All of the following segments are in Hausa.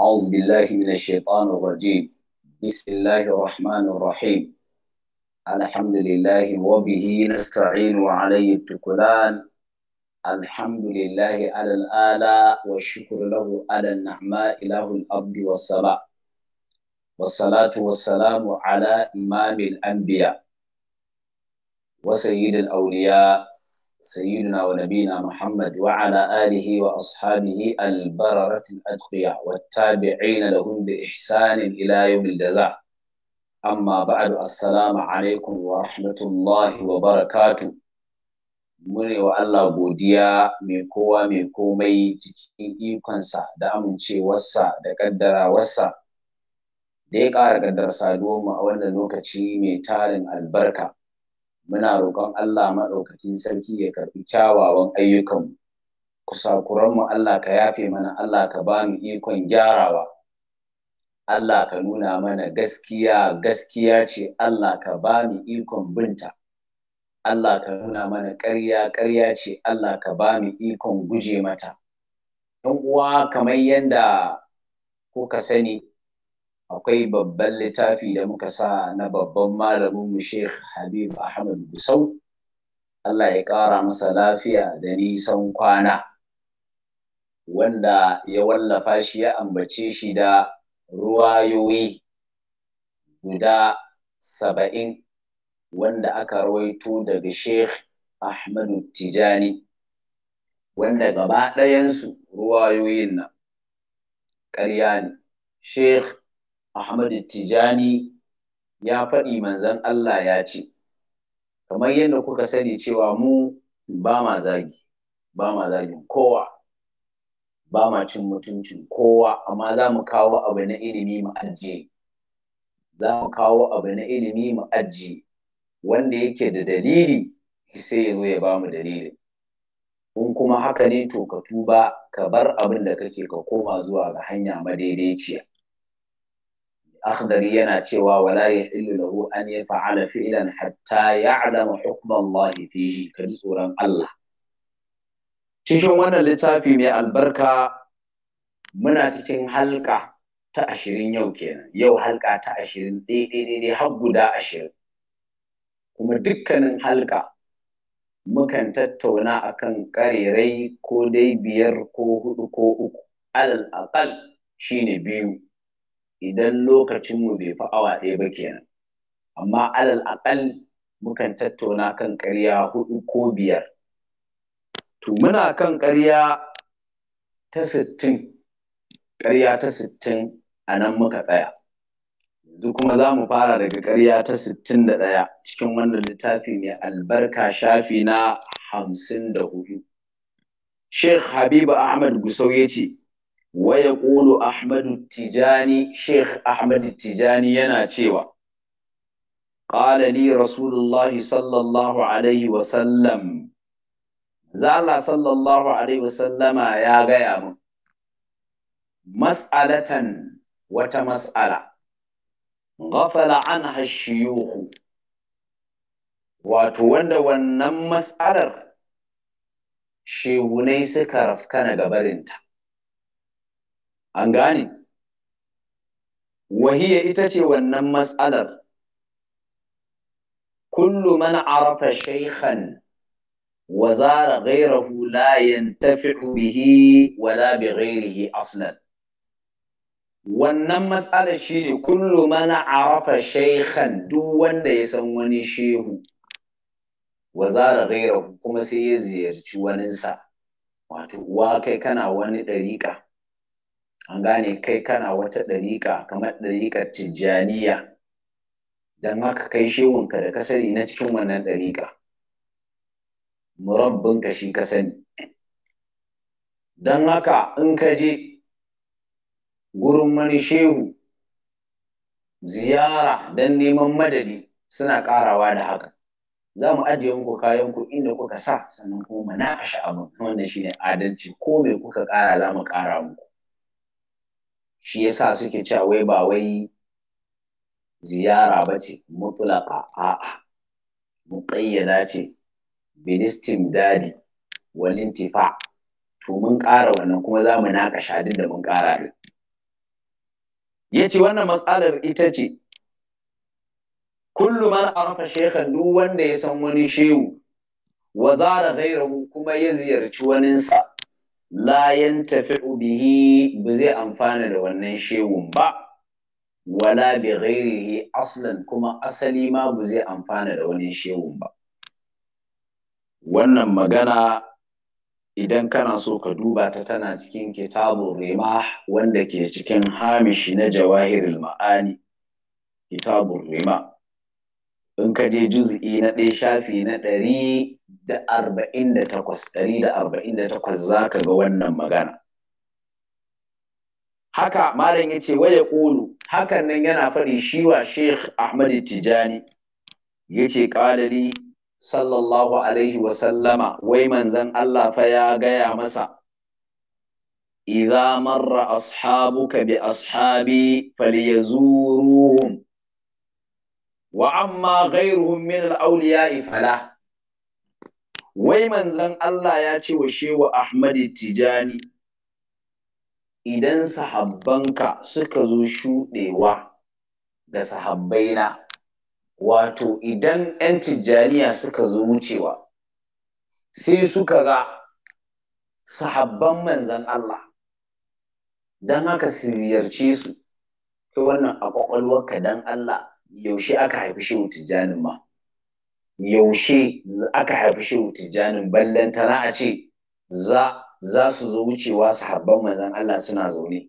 أعوذ بالله من الشيطان الرجيم بسم الله الرحمن الرحيم الحمد لله وبه نستعين وعليه التكلان الحمد لله على الآلاء والشكر له على النعماء إله الأرض والسماء والصلاة والسلام على إمام الأنبياء وسيد الأولياء سيدنا ونبينا محمد وعلى آله وأصحابه البررة الأتقياء والتابعين لهم بإحسان إلى يوم الجزاء أما بعد السلام عليكم ورحمة الله وبركاته mune wa Allah godiya mai kowa mai komai cikin ikonsa da amincewarsa da ƙaddarawarsa da ya ƙara ƙaddar saduwa a wannan lokaci mai tarin albarka muna roƙon Allah maɗaukacin sarki ya karɓi kyawawan ayyukanmu kusakuranmu Allah ka yafe mana Allah ka ba mu ikon gyarawa Allah ka nuna mana gaskiya gaskiya ce Allah ka ba mu ikon binta Allah ka nuna mana ƙarya ƙarya ce Allah ka ba mu ikon guje mata ‘yan uwa kamar yadda kuka sani akwai babban littafi da muka sa na babban malamin mu Sheikh Habib Ahmad Busau. Allah ya ƙara masa lafiya da nisan kwana wanda ya wallafa shi ya ambace shi da ruwayoyi guda saba'in wanda aka rawaito daga Sheikh Ahmadu Tijani wanda gaba ɗayansu ruwayoyin nan ƙarya ne Sheikh Ahmad Tijani ya faɗi manzan Allah ya ce, kamar yadda kuka sani cewa mu ba ma zagi, ba ma zagin kowa, ba ma cin mutuncin kowa, amma za mu kawo abu na ilimi mu ajiye. Za mu kawo abu na ilimi mu ajiye, wanda yake da dalili sai ya zo ya ba mu dalilin. In kuma haka ne to ka tuba ka bar abin da kake ka koma zuwa ga hanya madaidaiciya. akhdari yana cewa wala yahillu lahu an yaf'ala fi'lan hatta ya'lama hukma Allah fihi kan tsoron Allah cikin wannan littafi mai albarka muna cikin halka ta ashirin yau kenan yau halka ta ashirin daidai har guda ashirin kuma dukkanin halka mukan tattauna akan ƙarerai ko dai biyar ko hudu ko uku alal aqal shine biyu idan lokacinmu bai fi awa ɗaya ba kenan amma alal aƙal mukan tattauna kan ƙarya hudu ko biyar to muna kan ƙarya ta sittin ƙarya ta sittin a nan muka tsaya yanzu kuma za mu fara daga ƙarya ta sittin da ɗaya cikin wannan littafi mai albarka shafi na hamsin da hudu Sheikh Habibu Ahmad Gusau ya ce, wa yaqulu ahmad tijani sheikh Ahmadu tijani yana cewa ƙala ni rasulullahi sallallahu alaihi wa sallam zala sallallahu alaihi wa sallama ya gaya mun mas'alatan wata mas'ala ghafala anha shiyuhu wato wanda wannan mas'alar shehunai suka rafkana gabarinta an gane wahiya ita ce wannan matsalar kullu man arafa shaykhan wa zara ghayrahu la yantafi'u bihi la bi ghayrihi aslan wannan matsalar shi shine kullu man arafa shaykhan duk wanda ya san wani shehu wa zara ghayrahu kuma sai ya ziyarci waninsa wato uwa kai kana wani dariƙa an gane kai kana wata ɗariƙa kamar ɗariƙar tijjaniya don haka kai shehunka da ka sani na cikin wannan ɗariƙa murabbinka shi ka sani don haka in ka je gurin wani shehu ziyara don neman madadi suna ƙarawa da haka za mu ajiye muku kayan ku inda kuka sa sannan kuma mana a sha'abin wannan shine adalci ko me kuka ƙara za mu ƙara muku shi ya sa suke cewa wai ba wai ziyara ba ce mutulaka a'a muƙayyada ce bilistim dadi tifa. to mun ƙara wannan kuma za mu naƙasha duk da mun ƙara ɗin ya ce wannan matsalar ita ce kullu man arafa shekhan duk wanda ya san wani shehu wa zara ghairahu kuma ya ziyarci waninsa Layan tafe ubihi, ba zai amfana da wannan shehun ba wala bi ghairihi aslan kuma asali ma ba zai amfana da wannan shehun ba wannan magana idan kana so ka duba ta tana cikin kitabun rimah wanda ke cikin hamishi na jawahirul ma'ani kitabun rimah in ka je juz'i na ɗaya shafi na ɗari da arba'in da takwas ɗari da arba'in da takwas za ka ga wannan magana haka malam ya ce waya ƙulu hakan nan yana faɗi shi wa sheikh ahmad tijani ya ce ƙalali sallallahu alaihi wasallama wai manzan allah fa ya gaya masa Iza marra ashabuka bi ashabi falyazuruhum wa amma ghayruhum min al-awliya'i fala wai Manzan Allah ya ce wa shewa Ahmadu Tijani idan sahabbanka suka zo shuɗewa da sahabbaina wato idan 'yan Tijaniya suka zo wucewa sai suka ga sahabban manzan Allah don haka su ziyarce su ta wannan a ƙwaƙwalwarka dan Allah yaushe aka haifi shehu Tijanin ma yaushe aka haifi shehu tijjanin ballantana a ce za su zo wucewa su sahabban manzan Allah suna zaune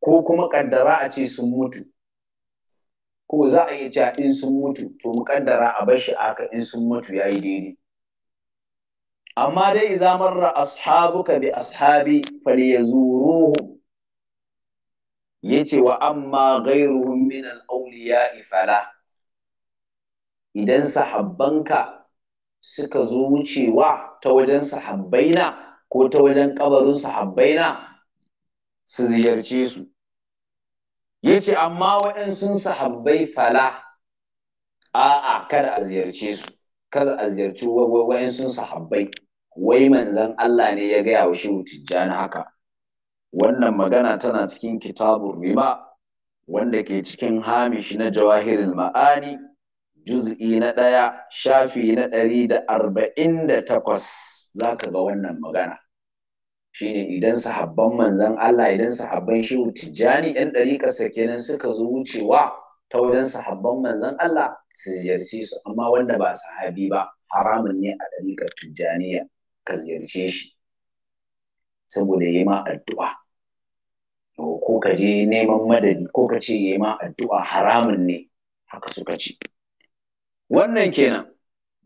ko kuma kaddara a ce sun mutu ko za a iya cewa in sun mutu to mu kaddara a bar shi aka in sun mutu ya yi daidai amma dai idza marra ashabuka bi ashabi falyazuruhum yace wa amma gairu min al-awliya'i fala idan sahabbanka suka zo wucewa ta wajen sahabbaina ko ta wajen kabarin sahabbaina su ziyarce su yace amma waɗansu sahabbai fala a'a kada a ziyarce su kada a ziyarci waɗansu sahabbai wai manzon Allah ne ya gaya wa shehu tijjani haka wannan magana tana cikin kitabun rima wanda ke cikin hamishi na jawahirul ma'ani juz'i na ɗaya shafi na ɗari da arba'in da takwas za ka ga wannan magana Shi ne idan sahabban manzan Allah idan sahabban shehu tijjani ɗan ɗariƙarsa kenan suka zo wucewa ta wajen sahabban manzan Allah su ziyarci su amma wanda ba sahabi ba haramun ne a ɗariƙar tijjaniya ka ziyarce shi saboda ya yi ma addu'a ko ka je neman madadi ko ka ce ya yi ma addu'a haramun ne haka suka ce wannan kenan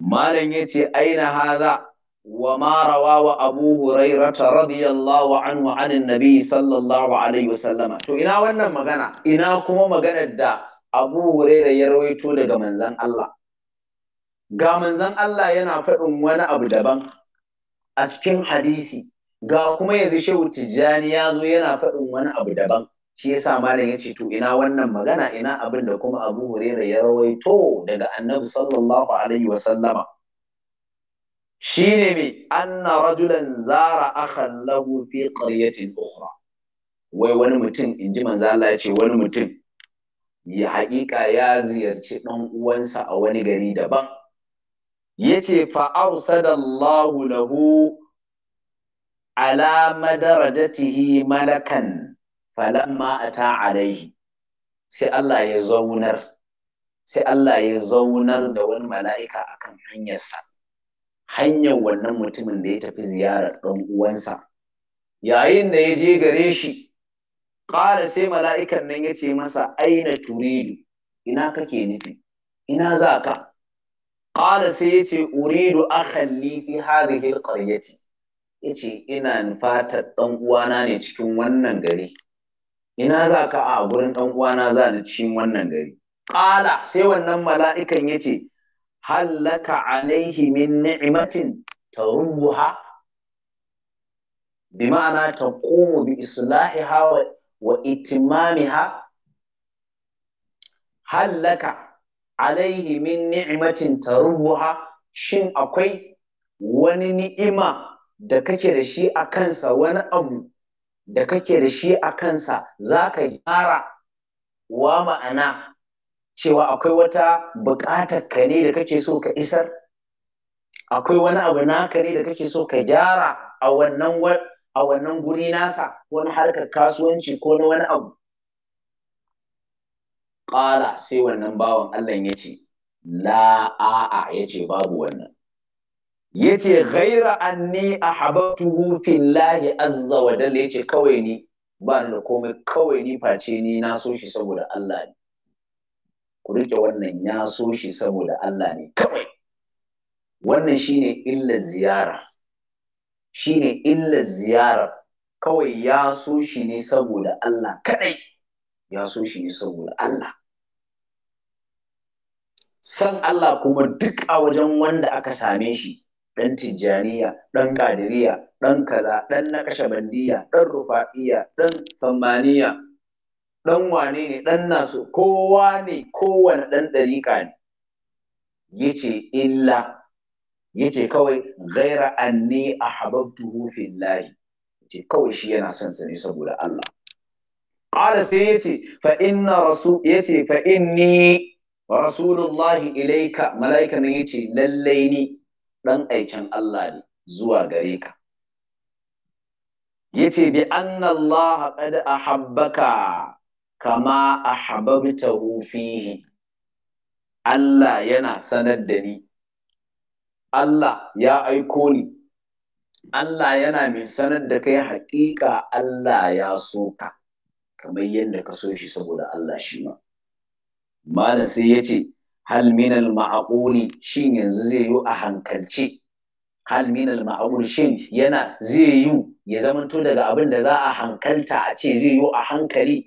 malam yace aina haza wa ma rawawa abu hurairata radiyallahu anhu anin nabi sallallahu alaihi wasallama to ina wannan magana ina kuma maganar da abu huraira ya rawaito daga manzan Allah ga manzan Allah yana faɗin wani abu daban a cikin hadisi ga kuma yanzu shehu tijjani ya zo yana faɗin wani abu daban shi yasa malam yace to ina wannan magana ina abin da kuma Abu Hurairah ya rawaito daga Annabi sallallahu alaihi wa sallama shine me anna rajulan zara akhan lahu fi qaryatin ukhra wai wani mutum inji manzo Allah yace wani mutum ya haƙiƙa ya ziyarci ɗan uwansa a wani gari daban yace fa arsadallahu lahu ala madarajatihi malakan falamma ata alaihi sai Allah ya zaunar sai Allah ya zaunar da wani mala'ika akan hanyarsa hanyar wannan mutumin da ya tafi ziyarar ɗan uwansa yayin da ya je gare shi ƙara sai mala'ikan nan ya ce masa aina turidu ina kake nufi ina za ka ƙara sai ya ce uridu akhalli fi hadhihi alqaryati yace ina nufatar ɗan uwana ne cikin wannan gari ina za ka a gurin ɗan uwana za da cikin wannan gari ƙala sai wannan mala'ikan ya ce hallaka alaihi min ni'matin tarubbuha bi ma'ana taqumu bi islahiha wa, itimami itimamiha hallaka alaihi min ni'matin tarubbuha shin akwai wani ni'ima da kake da shi a kansa wani abu da kake da shi a kansa za ka gyara wa ma'ana cewa akwai wata buƙatar ka ne da kake so ka isar akwai wani abu naka ne da kake so ka gyara a wannan a wannan guri nasa wani harkar kasuwanci ko na wani abu ƙala sai wannan bawan Allah ya ce la ya ce babu wannan yace ghaira anni ahbabtuhu fillahi azza wa jalla yace kawai ni ba ni da komai kawai ni face ni na so shi saboda Allah ne ku rike wannan ya so shi saboda Allah ne kawai wannan shine illar ziyara shine illar ziyara kawai ya so shi ne saboda Allah kadai ya so shi ne saboda Allah san Allah kuma duk a wajen wanda aka same shi ɗan tijjaniya ɗan ƙadiriya ɗan kaza ɗan nakashabandiya ɗan rufa'iya ɗan sammaniya ɗan wane ne ɗan nasu kowa ne kowane ɗan ɗariƙa ne yace illa yace kawai gaira anni ahbabtuhu fillahi ce kawai shi yana son sa ne saboda Allah qala sai yace fa inna ya ce fa inni rasulullahi ilaika malaika ne yace lallai ni ɗan aikin Allah ne zuwa gare ka yace bi anna Allah qad ahabbaka kama a hababta fihi Allah yana sanar da ni Allah ya aiko ni Allah yana mai sanar da kai haƙiƙa Allah ya so ka kamar yadda ka so shi saboda Allah shi ma Malam sai ya ce, hal min al ma'quli shin yanzu zai yi a hankalce hal min al ma'qul shin yana zai yi ya zamanto daga abin da za a hankalta a ce zai yi a hankali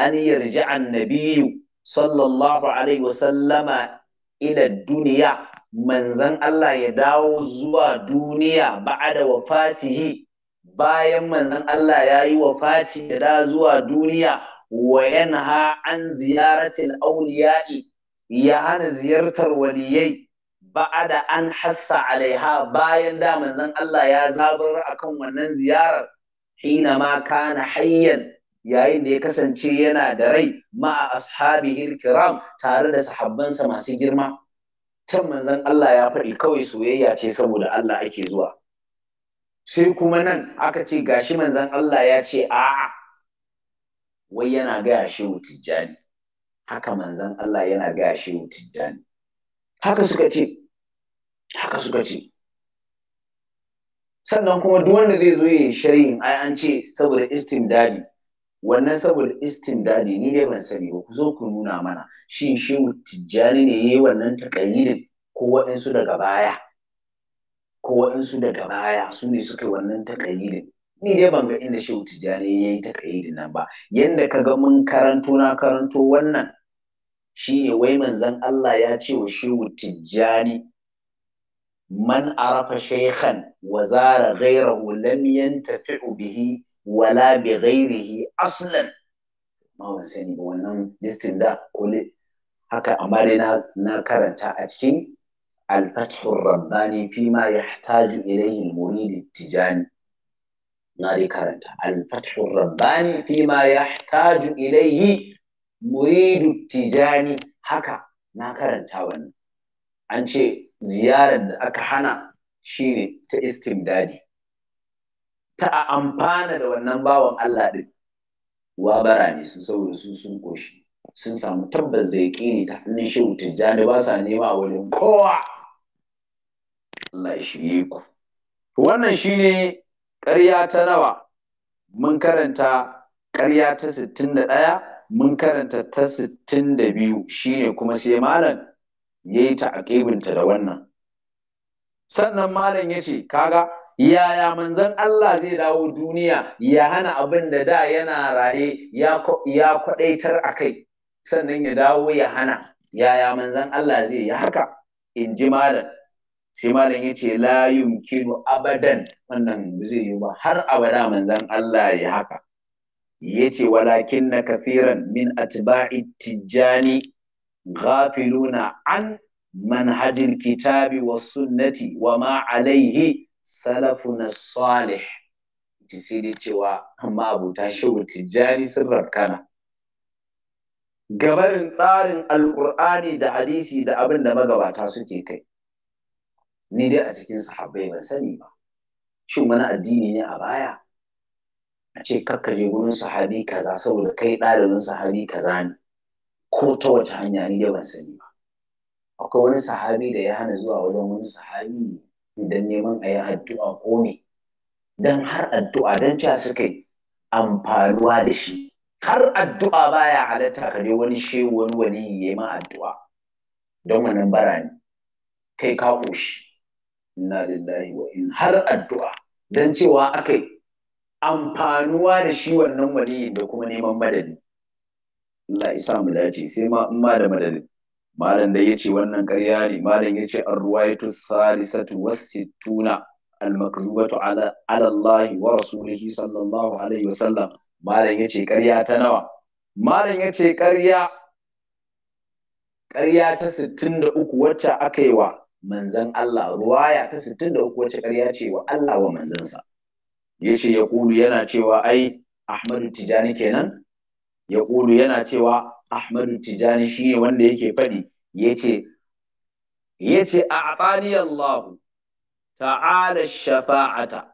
an yarji annabiyu sallallahu alaihi wasallama ila duniya manzan Allah ya dawo zuwa duniya ba'ada wafatihi bayan manzan Allah ya yi wafati ya da zuwa duniya wa yanha an ziyaratil auliya'i ya hana ziyartar waliyai ba'ada an hassa alaiha bayan da manzon Allah ya zabar akan wannan ziyarar hina ma kana hayyan yayin da ya kasance yana da rai ma'a ashabihi kiram tare da sahabbansa masu girma can manzon Allah ya faɗi kawai soyayya ce saboda Allah ake zuwa sai kuma nan aka ce gashi manzon Allah ya ce a'a wai yana gaya shehu tijjani haka manzan Allah yana gaya shehu tijjani haka suka ce haka suka ce sannan kuma duk wanda zai zo yayin shari'in ai an ce saboda istimdadi wannan saboda istimdadi ni dai ban sani ba ku zo ku nuna mana shin shehu tijjani ne yayi wannan takayyidin ko waɗansu daga baya ko waɗansu daga baya su ne suka yi wannan takayyidin ni dai ban ga inda shehu tijjani ya yi takayyidin nan ba yanda ka ga mun karanto na karanto wannan ne wai manzon Allah ya ce wa shehu tijjani man arafa shaykhan wa zara ghayrahu lam yantafi'u bihi wala bi ghairihi aslan ma ban sani ba wannan listin da kole haka amma dai na na karanta a cikin al-fathur rabbani fi ma yahtaju ilayhi al-murid tijani na dai karanta al-fathur rabbani fi ma yahtaju ilayhi muridu tijani haka na karanta wannan an ce ziyarar da aka hana shi ne ta istimdadi ta amfana da wannan bawan Allah din wa bara ne su saboda su sun koshi sun samu tabbas da yaƙini ta hannun shehu tijjani ba sa nema wajen kowa Allah ya yi ku wannan shi ne ƙarya ta nawa mun karanta ƙarya ta sittin da ɗaya mun karanta ta sittin da biyu shine kuma sai malam ya yi ta'aƙibinta da wannan sannan malam ya ce kaga yaya manzon Allah zai dawo duniya ya hana abin da da yana raye ya kwaɗaitar a kai sannan ya dawo ya hana yaya manzon Allah zai yi haka in ji malam sai malam ya ce la yumkinu abadan wannan zai yi ba har abada manzon Allah ya haka Ya ce, walakin na kafiran min atba'i tijjani ghafiluna an manhajil kitabi wa sunnati wa ma alaihi salafuna salih ci sai dai cewa abuta shehu tijjani sun rakana gabarin tsarin alkur'ani da hadisi da abin da magabata suke kai ni dai a cikin sahabai ban sani ba shin wani addini ne a baya a ce kakka je gurin sahabi kaza saboda kai ɗalibin sahabi kaza ne ko ta wace hanya ni dai ban sani ba akwai wani sahabi da ya hana zuwa wajen wani sahabi idan neman a yi addu'a ko me dan har addu'a dan cewa suka yi amfanuwa da shi har addu'a baya halatta ka je wani shehu wani wani ya yi ma addu'a don wannan bara ne kai ka ƙoshi inna lillahi wa in har addu'a dan cewa akai amfanuwa da shi wannan waliyin da kuma neman madadi Allah isa mu dace sai ma in ma da madadi malam da yace wannan ƙarya ne malam yace ar-ruwayatu salisatu was-sittuna al-makdhubatu ala ala Allah wa rasulihi sallallahu alaihi wa sallam. malam yace ƙarya ta nawa malam yace ƙarya ƙarya ta 63 wacce aka yi wa manzan Allah ruwaya ta 63 wacce ƙarya ce wa Allah wa manzansa yace ya kulu yana cewa ai Ahmadu Tijani kenan ya kulu yana cewa Ahmadu Tijani shine wanda yake faɗi yace yace a'tani Allah ta'ala shafa'ata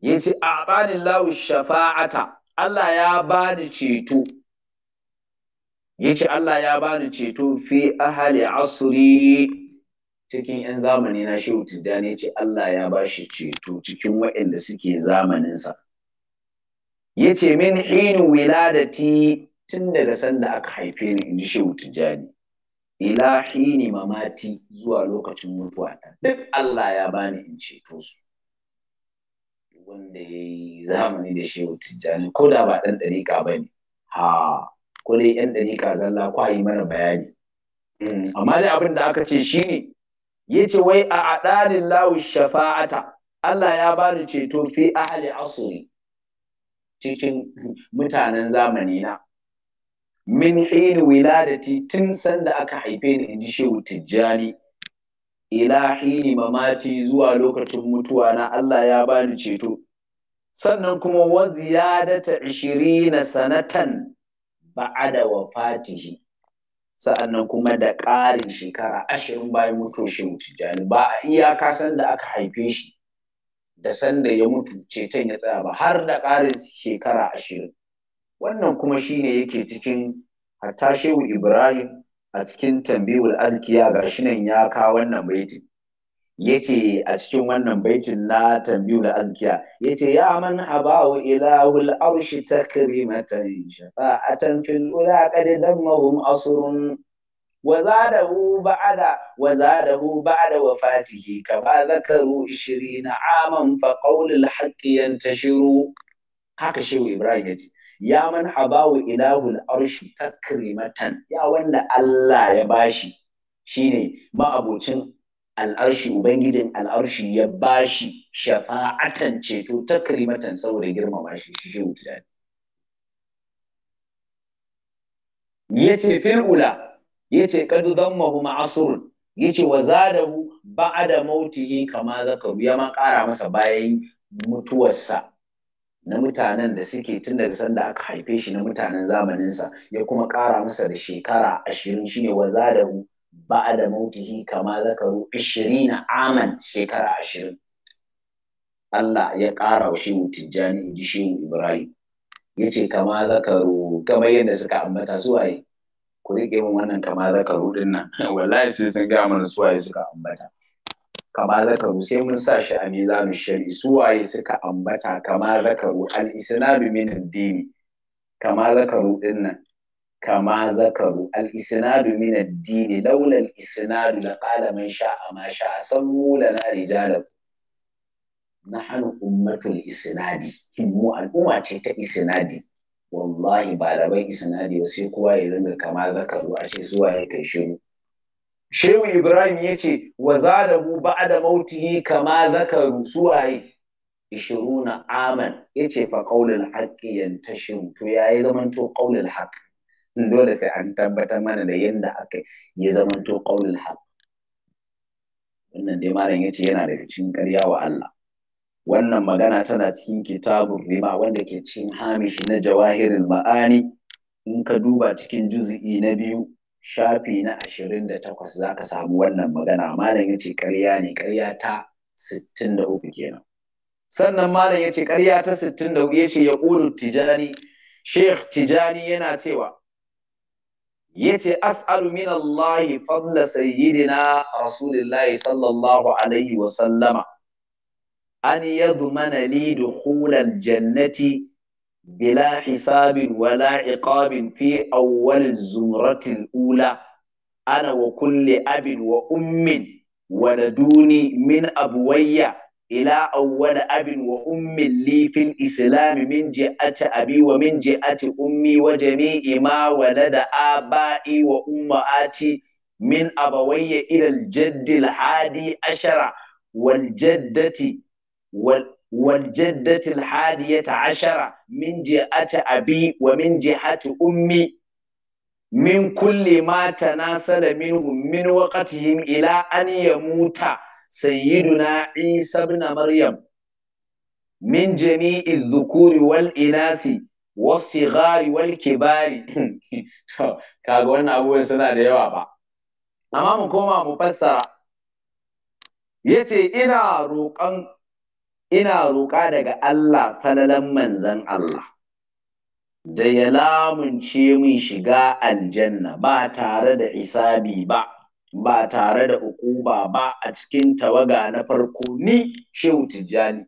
yace a'tani Allah shafa'ata Allah ya bani ceto yace Allah ya bani ceto fi ahali asri cikin 'yan zamani na shehu tijjani ce Allah ya ba shi ceto cikin waɗanda suke zamaninsa ya ce min hinu wiladati tun daga sanda aka haife ni in ji shehu tijjani ila hini mamati zuwa lokacin mutuwa ta. duk Allah ya bani in ceto su wanda ya yi zamani da shehu tijjani ko da ba ɗan ɗariƙa ba ne ha ko dai 'yan ɗariƙa zalla kwayi mara bayani hmm, amma dai abin da aka ce shi ne. yace wai a adanin lawu shafa'ata Allah ya bani ceto fi ahli asri cikin mutanen zamani na min hin wiladati tun sanda aka haife ni in inji shehu tijjani ila hini mamati zuwa lokacin mutuwa na Allah ya bani ceto sannan kuma wa ziyadata 20 sanatan ba'ada wafatihi sa'annan kuma da ƙarin shekara ashirin bayan mutuwar shehu tijjani ba a iyaka san da aka haife shi da sanda ya mutu ceton ya tsaya ba har da ƙarin shekara ashirin wannan kuma shi ne yake cikin hatta shehu ibrahim a cikin tambihul azkiya ga shi nan ya kawo wannan baitin yace a cikin wannan baitin na tambiyu da azkiya yace ya man abahu ilahul arshi takrimatan shafa'atan fil ula qad dammahum asrun wa zadahu ba'da wa zadahu ba'da wafatihi kama zakaru 20 aman fa qawlul haqqi yantashiru haka shehu ibrahim yace ya man habahu ilahul arshi takrimatan ya wanda Allah ya bashi shine ma'abocin al'arshi ubangijin al'arshi ya ba shi shafa'atan ceto ta kalimatan saboda girmama shi shi shehu tunani ya ce fil'ula ya ce kadu don mahu ma'asurun ya ce wa zadahu Mauti, mautihi kama zakaru ya ma ƙara masa bayan mutuwarsa na mutanen da suke tun daga sanda aka haife shi na mutanen zamaninsa ya kuma kara masa da shekara ashirin shine wa zadahu ba'da mautihi kama zakaru 20 aman shekara 20 Allah ya ƙara wa shehu Tijjani in ji Ibrahim ya ce kama zakaru kamar yadda suka ambata suwaye ku riƙe min wannan kama zakaru ɗin nan wallahi sai sun gaya mana suwaye suka ambata kama zakaru sai mun sa shi a mizanu shari suwaye suka ambata kama zakaru al-islamu min addini kama zakaru ɗin nan kama zakaru al-isnadu min ad-din laula al-isnadu la qala man sha'a ma sha'a sammu lana rijalan nahnu ummatul isnadi himmu al'umma ce ta isinadi? wallahi ba da bai isnadi sai kowa ya rinka kama zakaru a ce zuwa ya kai shiru shehu ibrahim ya ce wa zadahu ba'da mautihi kama zakaru suwaye ishiruna aman ya ce fa qaulul haqqi yantashiru to yayi zamanto qaulul haqqi dole sai an tabbatar mana da yadda aka yi zamanto ƙaunin haq wannan dai malam ya ce yana da cikin ƙarya wa Allah wannan magana tana cikin kitabun rima wanda ke cikin hamishi na jawahirin ma'ani in ka duba cikin juzi'i na biyu shafi na ashirin da takwas za ka samu wannan magana malam ya ce ƙarya ne ƙarya ta sittin da uku kenan sannan malam ya ce ƙarya ta sittin da uku ya ce ya ƙulu tijani sheikh tijani yana cewa yace as'alu min Allah fadla sayyidina Rasulullahi sallallahu alaihi wa sallama an yadmana li dukhulal jannati bila hisabin wala iqabin fi awwal zumratil ula ana wa kulli abin wa ummin wa laduni min abuwayya ila awwala abin wa ummin lifin islami islam min ji'ati abi wa min ji'ati ummi wa jami'i ma walada aba'i wa ummahati min abawayya ila al jaddi al hadi ashara wal jaddati wal والجدة الحادية عشرة من جهة أبي ومن جهة أمي من كل ما تناسل منهم من وقتهم إلى أن يموتا sayyiduna Isa ibn Maryam min jami'il dhukuri wal inasi was sighari wal kibari to kaga wannan abubuwan suna da yawa ba amma mu koma mu fassara yace ina roƙon ina roƙa daga Allah falalan manzan Allah da ya lamunce mun shiga aljanna ba tare da isabi ba ba tare da ukuba ba a cikin tawaga na farko ni shehu tijjani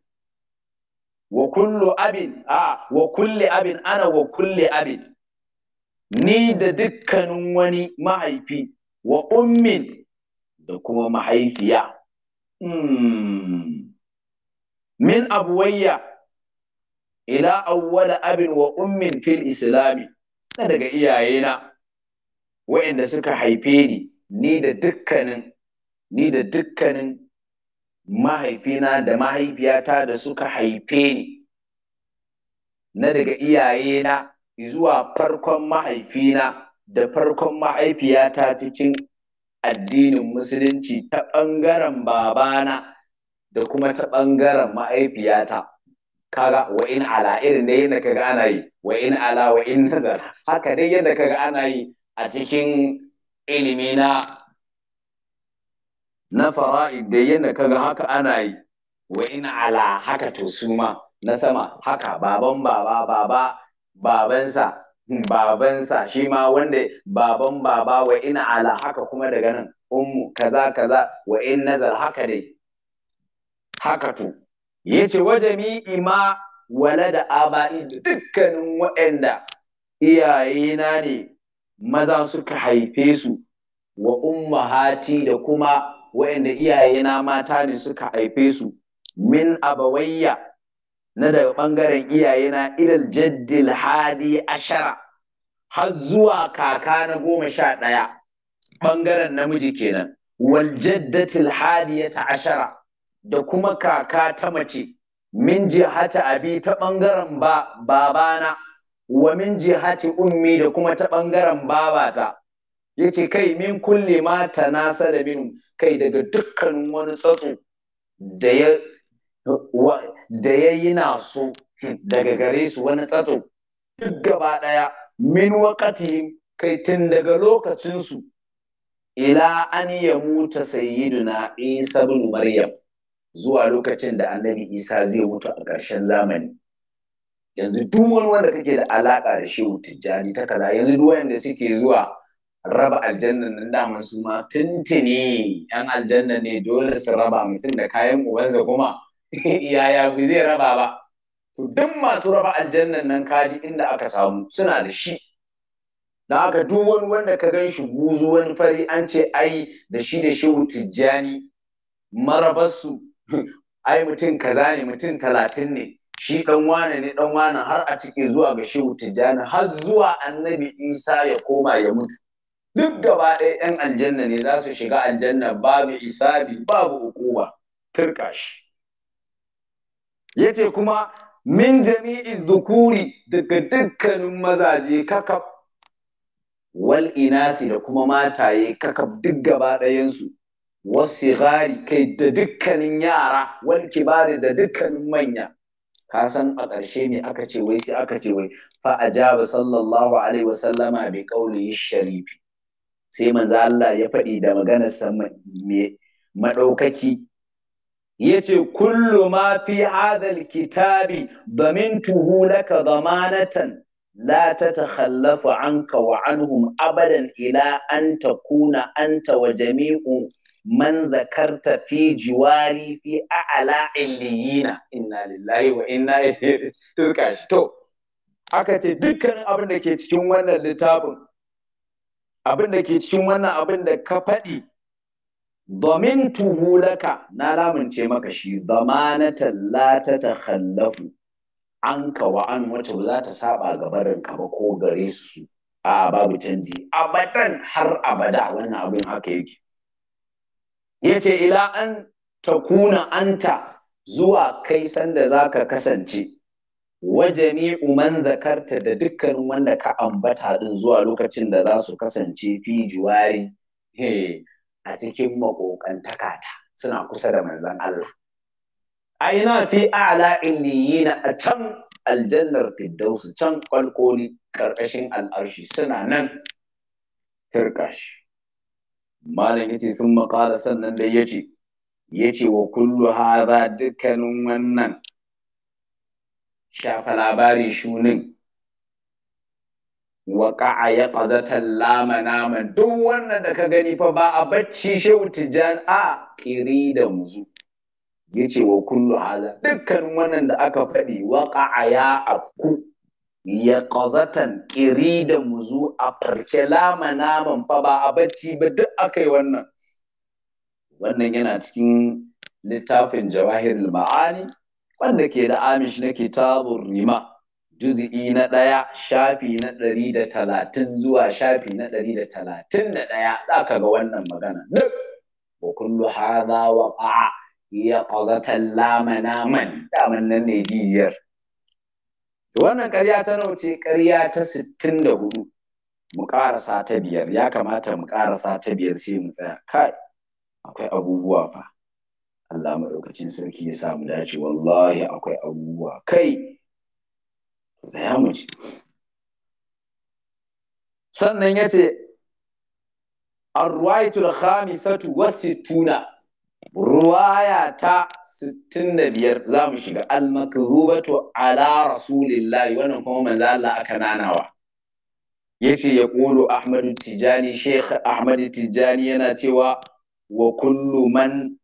wa kullu abin a wa kulli abin ana wa kulli abin ni da dukkanin wani mahaifi wa ummin da kuma mahaifiya hmm. min abuwayya ila awwala abin wa ummin fil islami na daga iyayena wa'inda suka haife ni ni da dukkanin ni da dukkanin mahaifina da mahaifiyata da suka haife ni na daga iyayena zuwa farkon mahaifina da farkon mahaifiyata cikin addinin musulunci ta ɓangaren babana da kuma ta ɓangaren mahaifiyata kaga wa in ala irin ne yadda kaga ana yi wa in ala wa in nazar haka dai yadda kaga ana yi a cikin ilimi na na fara'id da yadda kaga haka ana yi wa 'ina ala haka to suma na sama haka baban baba baba babansa hmm, babansa shi ma wanda baban baba wa 'ina ala haka kuma daga nan ummu kaza kaza wa in nazar haka dai haka to yace wa ima ma walada aba'i dukkanin waɗanda iyayena ne maza suka haife su wa ummahati da kuma wa'anda iyayena mata ne suka haife su min abawayya na daga ɓangaren iyayena ilal jaddil hadi ashara har zuwa kaka na goma sha ɗaya ɓangaren namiji kenan wal jaddatil hadiyata ashara da kuma kaka ta mace min jihata abi ta ɓangaren ba babana wa min jihati ummi da kuma ta ɓangaren babata yace kai min kulle ma da min kai daga dukkanin wani tsatsu da ya yi nasu daga gare su wani tsatso duk gaba ɗaya min wakati kai tun daga lokacinsu ila an ya muta sayyiduna isa bin maryam zuwa lokacin da annabi isa zai mutu a ƙarshen zamani yanzu duk wanda kake da alaka da shehu tijjani ta kaza yanzu duk wanda suke zuwa raba aljannan nan daman su ma tuntuni yan aljanna ne dole su raba mutum da kayan ubansa kuma yaya bi zai raba ba to duk masu raba aljannan nan kaji inda aka samu suna da shi don haka duk wanda ka gan shi wani fari an ce ai da shi da shehu tijjani marabarsu ai mutum kaza ne mutum talatin ne shi ɗan wane ne dan wane har a ciki zuwa ga shehu tijjani har zuwa annabi isa ya koma ya mutu duk gaba ɗaya yan aljanna ne za su shiga aljanna babu isabi babu hukuma turka shi yace kuma min jami'i dhukuri daga dukkanin mazaje kakaf wal inasi da kuma mataye kakaf duk gaba su wasu kai da dukkanin yara wal kibari da dukkanin manya ka san a ƙarshe ne aka ce wai sai aka ce wai fa ajaba sallallahu alaihi wa sallama bi qawlihi sharifi sai manzo Allah ya faɗi da maganar sa madaukaki yace kullu ma fi hadha alkitabi damintuhu laka damanatan la tatakhallafu anka wa anhum abadan ila an takuna anta wa jami'u man zakarta fi jiwari fi a'ala illiyina inna lillahi wa inna ilaihi turka shi to aka ce dukkanin abin da ke cikin wannan littafin abin da ke cikin wannan abin da ka faɗi domin tuhulaka na ce maka shi zamanatan la ta takhallafu an ka wa an wata ba za ta saba ga barin ka ba ko gare su a babu canji abadan har abada wannan abin haka yake yace ila an ta an anta zuwa kai sanda zaka kasance wa jami'u man zakarta da dukkanin wanda ka ambata din zuwa lokacin da za su kasance fi jiwari a cikin makokantakata suna kusa da manzan Allah aina fi a'la illiyina a can aljannar firdaus can kwalkoli ƙarƙashin al'arshi suna nan firkashi malam yace sun maƙala sannan dai yace yace wa kullu hadha dukkanin wannan shafa labari shunin waƙa'a ya ƙazatan lama naman duk wannan da ka gani fa ba a bacci shehu tijan a Kiri da muzu ya ce wa kullu haza dukkan wannan da aka faɗi waƙa'a ya afku ya ƙazatan ƙiri da muzu a farke lama naman fa ba a bacci ba duk aka wannan wannan yana cikin littafin jawahirul ma'ani wanda ke da amish na kitabun rima juzi'i na ɗaya shafi na ɗari da talatin zuwa shafi na ɗari da talatin da ɗaya za ga wannan magana duk wa kullu hadha wa ya qazatan lama naman daman nan ne jijiyar wannan ƙarya ta nawa ce ƙarya ta sittin da hudu mu ƙarasa ta biyar ya kamata mu ƙarasa ta biyar sai mu tsaya kai akwai abubuwa fa Allah maɗaukacin sarki ya samu dace wallahi akwai abubuwa kai tsaya mu ji sannan ya ce arwaitul khamisatu wasittuna ruwaya ta 65 za mu shiga al-makrubatu ala rasulillahi wannan kuma manzo Allah aka nanawa yace ya kulu Ahmadu Tijani Sheikh Ahmadu Tijani yana cewa wa kullu man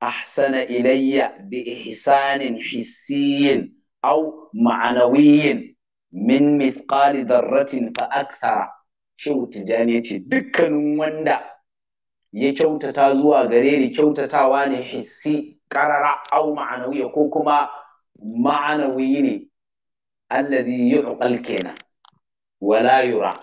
ahsana ilayya bi ihsanin hissiyin aw ma'anawiyin min mithqali dharratin fa akthara Shehu Tijani yace dukkanin wanda ya kyautata zuwa gare ni kyautatawa ne hissi ƙarara, au ma'anawiya ko kuma ma'anawi ne allazi yu'qal kenan wala yura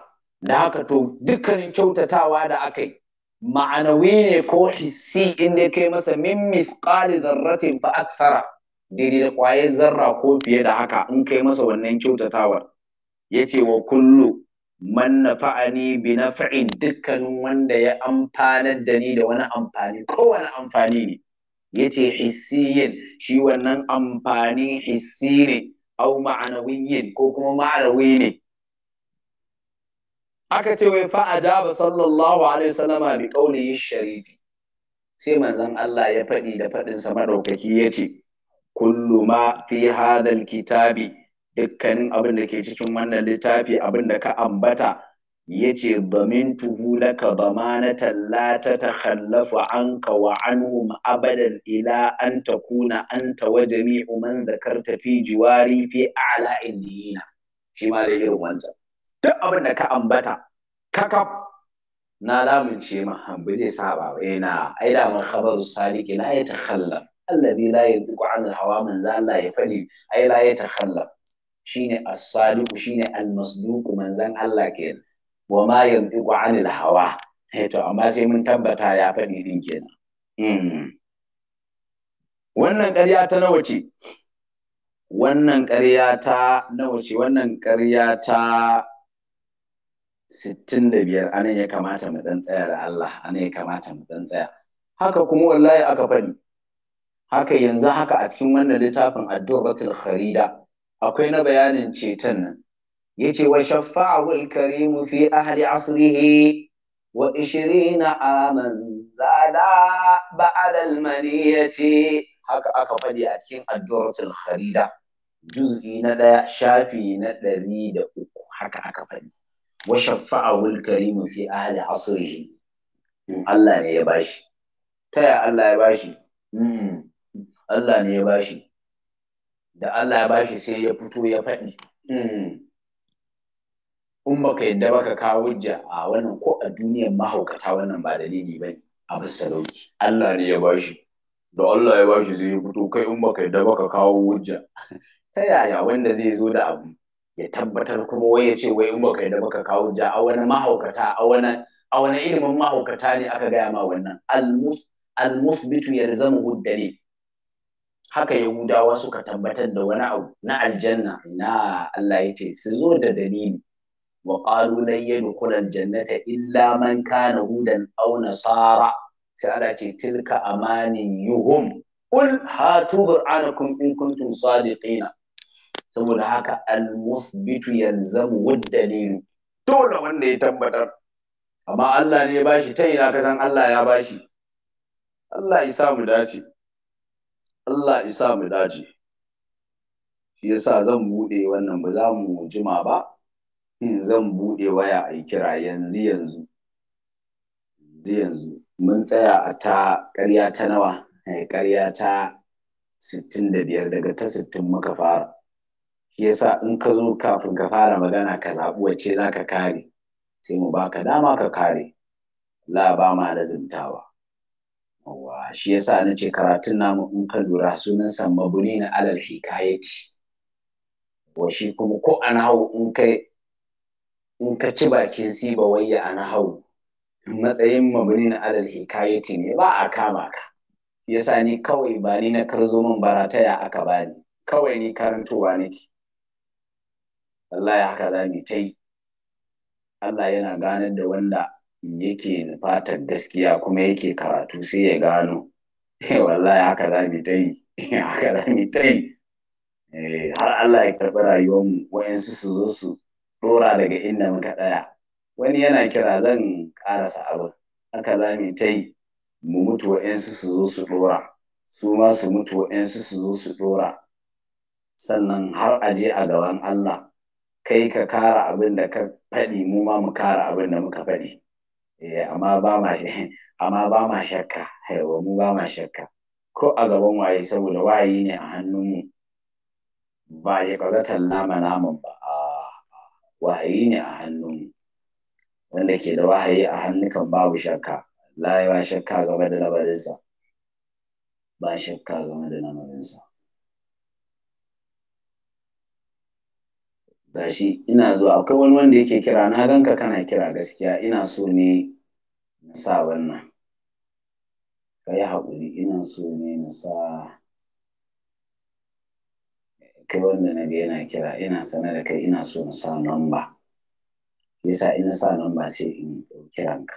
da haka to dukkanin kyautatawa da aka yi ma'anawi ne ko hissi inda kai masa min mithqali dharratin fa akthara dai da kwaye zarra ko fiye da haka in kai masa wannan kyautatawar yace wa kullu man nafa'ani bi naf'in dukkanin wanda ya amfanar da ni da wani amfani kowane amfani ne yace hissiyin shi wannan amfani hissi ne au ma'anawiyin ko kuma ma'anawi ne aka ce wai fa adaba sallallahu alaihi wasallama bi qawlihi sharifi sai manzon Allah ya faɗi da sa madaukaki yace kullu ma fi hadal kitabi dukkanin abin da ke cikin wannan littafi abin da ka ambata ya ce bamin tuhu laka na tallata ta khallafa anka wa anhum abadan ila an ta takuna anta wa jami'u man zakarta fi jiwari fi a'la indiyina shi ma da irin wancan duk abin da ka ambata kakaf na lamunce ma ba zai saba ba yana eh, ai da man khabaru saliki la yatakhallaf alladhi la yantiqu an hawa man za Allah ya faji ai la yatakhallaf shine as-sadiqu shine al-masduqu manzan Allah kenan wa ma yantiqu anil hawa eh to amma sai mun tabbata ya faɗi din kenan hmm. wannan ƙarya ta nawa ce wannan ƙarya ta nawa ce wannan ƙarya ta 65 anan ya kamata mu dan tsaya da Allah anan ya kamata mu dan tsaya haka kuma wallahi aka faɗi haka yanzu haka a cikin wannan littafin batul kharida akwai na bayanin ceton nan Ya ce, wa shaffa'ul karimu fi ahli asrihi wa 20 aman zada ba'da al-maniyati haka aka faɗi a cikin addu'aratul kharida juz'i na ɗaya shafi na ɗari da uku haka aka faɗi wa shaffa'ul karimu fi ahli asrihi in Allah ne ya bashi ta ya Allah ya bashi Allah ne ya bashi da Allah ya bashi sai ya fito ya faɗi hmm. in baka yadda baka kawo hujja a wannan ko a duniyar mahaukata wannan ba dalili ba ne a sarauki. Allah ne ya bashi da Allah ya bashi sai ya fito kai in baka yadda baka kawo hujja ta yaya wanda zai zo da abu ya tabbatar kuma wai ya ce wai in baka yadda baka kawo hujja a wani mahaukata a wani a wani ilimin mahaukata ne aka gaya ma wannan al musbitu yalzamuhu dalil haka yahudawa suka tabbatar da wani abu na aljanna na Allah ya ce su zo da dalili wa qalu lan yadkhul aljannata illa man kana hudan aw nasara sai Allah ce tilka amaniyuhum qul hatu bur'anakum in kuntum sadiqina saboda haka almuthbitu yalzamu wad dalilu. dole wanda ya tabbatar amma Allah ne ya bashi ta ina kasan Allah ya bashi Allah ya samu dace Allah isa mu dace shi yasa zan buɗe wannan ba za mu jima ba in zan buɗe waya a kira yanzu yanzu yanzu yanzu mun tsaya a ta ƙarya ta nawa eh, ƙarya ta sittin da biyar daga ta sittin muka fara shi yasa in ka zo kafin ka fara magana ka zaɓi wacce za ka kare sai mu baka dama ka kare la ba ma lazimtawa shi yasa na ce karatun namu in ka lura sunan sammabu ne na alal hikayati wa shi kuma ko a nahawu in ka ci bakin siba wayya a nahawu matsayin mabuni na alal hikayati ne ba a kama ka yasa ni kawai ba ni na karzo min barataya aka bani kawai ni karantowa nake ya haka za mu ta yi Allah yana ganar da wanda yake nufatar gaskiya kuma yake karatu sai ya gano eh, wallahi haka za mu ta yi haka za mu ta yi eh, har Allah ya karɓi rayuwarmu wayansu su zo su ɗora daga inda muka ɗaya wani yana kira zan ƙarasa abin haka za mu ta yi mu mutu wayansu su zo su ɗora su ma su mutu wayansu su zo su ɗora sannan har a je a gaban Allah kai ka kara abin da ka faɗi mu ma mu kara abin da muka faɗi Eh, amma ba ma amma ba ma shakka yawa mu ba ma shakka ko a gaban waye saboda waye ne a hannun mu? ba ya kazatar nama naman ba a wahayi ne a hannun mu? wanda ke da wahayi a hannukan babu shakka la shakka game da lamarinsa ba shakka game da lamarinsa gashi ina zuwa akwai wani wanda yake kira na ganka kana kira gaskiya ina so ne na sa wannan ka yi haƙuri ina so ne na sa kai wanda na ga yana kira ina sanar da kai ina so na sa namba yasa ina sa namba sai in ɗau kiranka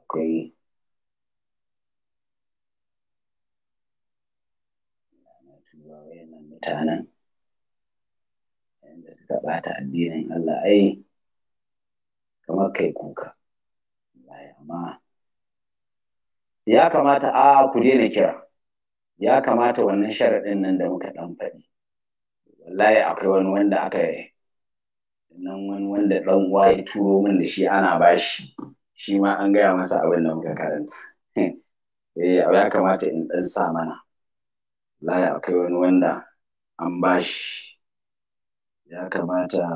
akwai mutanen waɗanda suka ɓata addinin Allah ai kamar kai kuka amma ya kamata a ku daina kira ya kamata wannan sharaɗin nan da muka ɗan faɗi wallahi akwai wani wanda aka nan wani wanda ɗan uwa ya turo min da shi ana bashi shi ma an gaya masa abin da muka karanta eh ya kamata in ɗan sa mana wallahi akwai wani wanda an bashi ya kamata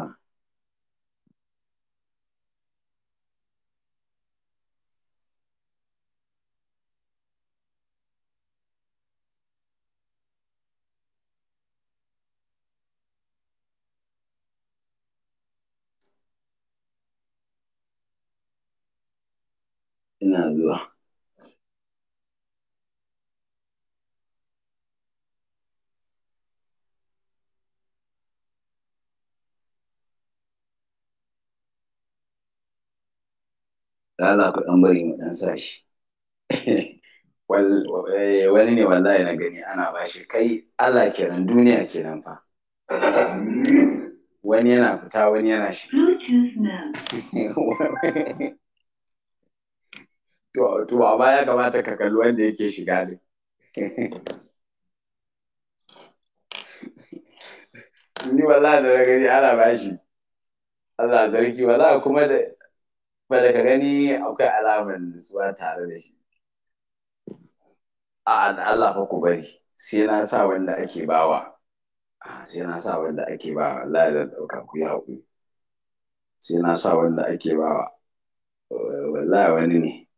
ina zuwa Allah ku ɗan bari mu ɗan sa shi. Eh, wani ne wallahi na gani ana ba shi kai Allah kenan duniya kenan fa. Wani yana fita wani yana shi. To a baya kamata ka kalli wanda yake shiga ne. Ni wallahi da na gani ana ba shi. Allah sarki wallahi kuma da ba daga gani akwai alamar nutsuwa tare da shi a da Allah fa ku bari sai na sa wanda ake bawa sai na sa wanda ake bawa Allah ya dauka ku ya haƙuri sai na sa wanda ake bawa wallahi wani ne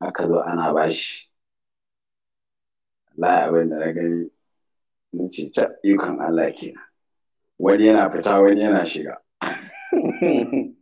aka zo ana bashi ya abin da na gani na ce ta ikon Allah kenan wani yana fita wani yana shiga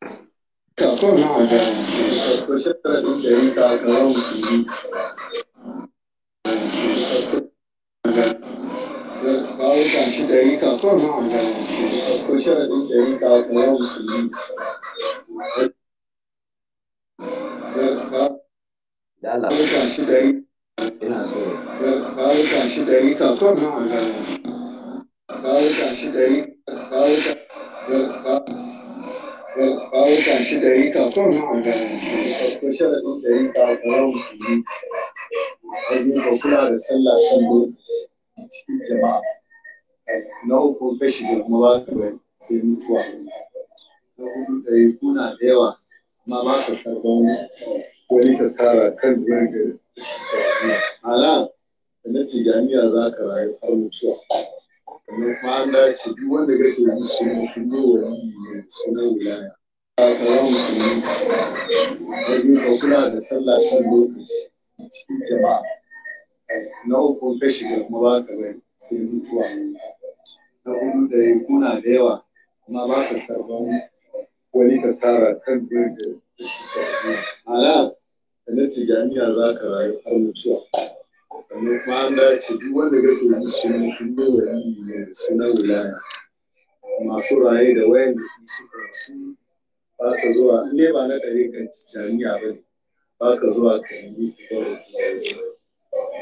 To, to na magana to shekarar da yi ta kawo musulmi. Kawo kan shi da yi ta to na magana to shekarar da yi ta kawo musulmi. Kawo kan shi da yi ina so. Kawo kan shi da yi ta to na magana. don a kawo tashi da rika ton a ga farko sharadin da rika a kawo musulmi na biyu ka kula da sallah kan lokaci cikin jama'a na uku kashi da kuma ba ka bai sai mutuwa na hudu da yi kuna da yawa amma ba ka karban wani ka kara kan wani da ala da na jami'a za ka rayu har mutuwa kamar kuma ce duk wanda ga ke yi sun shi ne wani ne suna wilaya a kawai musulmi na biyu ka kula da sallah kan lokaci cikin jama'a na uku ka shiga kuma ba ka bari sai mutuwa na hudu da yi kuna da yawa kuma ba ka karban wani ka tara kan birnin da suka ala da na tijaniya za ka rayu har mutuwa sannan kuma Allah ya ce duk wanda ga ke ji su ne shi ne wani ne suna wilaya masu raye da wayan da suka rasu ba ka zuwa ne ba na ɗari kan jami'a ba ne ba ka zuwa ka yi kwarar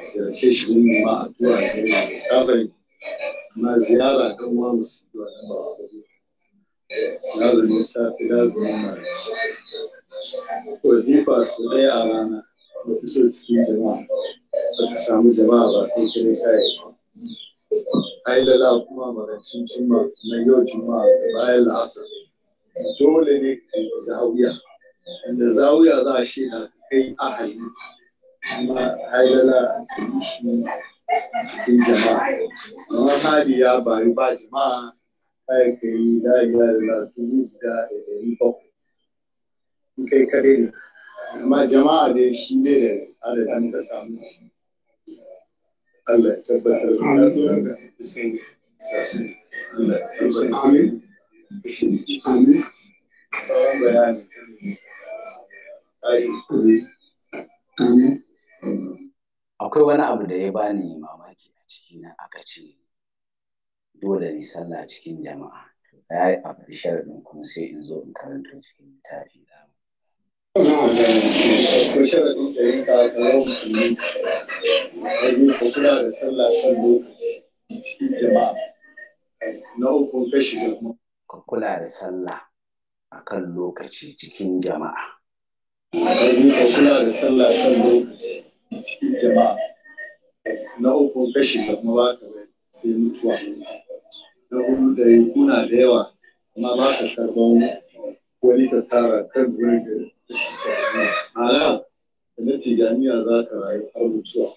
ziyarce shi ne ma a tuwa ne ma da tsabari ma ziyara kan wa musu zuwa nan ba lazumin safi lazumin maraci wazifa su ɗaya a rana da fi so cikin jama'a aka samu jama'a ba kai kare kai ailala kuma marancin juma na yau juma'a da bayan la'asar dole ne ka yi zawiya inda zawiya za a shi da kai ahali amma ailala ka yi shi cikin jama'a amma hali ya bayu ba jama'a kai ka yi la ilaha illallah dubu guda da ɗari bakwai in kai kare ne amma jama'a dai shi ne da adadin da samu shi Akwai wani abu da ya bani mamaki a ciki na aka ce dole ne sallah cikin jama'a. Ya yi a ɗin kuma sai in zo in karanto cikin littafi na da sallah ka da a kan lokaci cikin jama'a na da sallah kuma ba sai mutuwa na hudu kuna da yawa amma ba ka karɓar wani ka tara kan gari. Malam, da na tijaniya za ka rayu har mutuwa.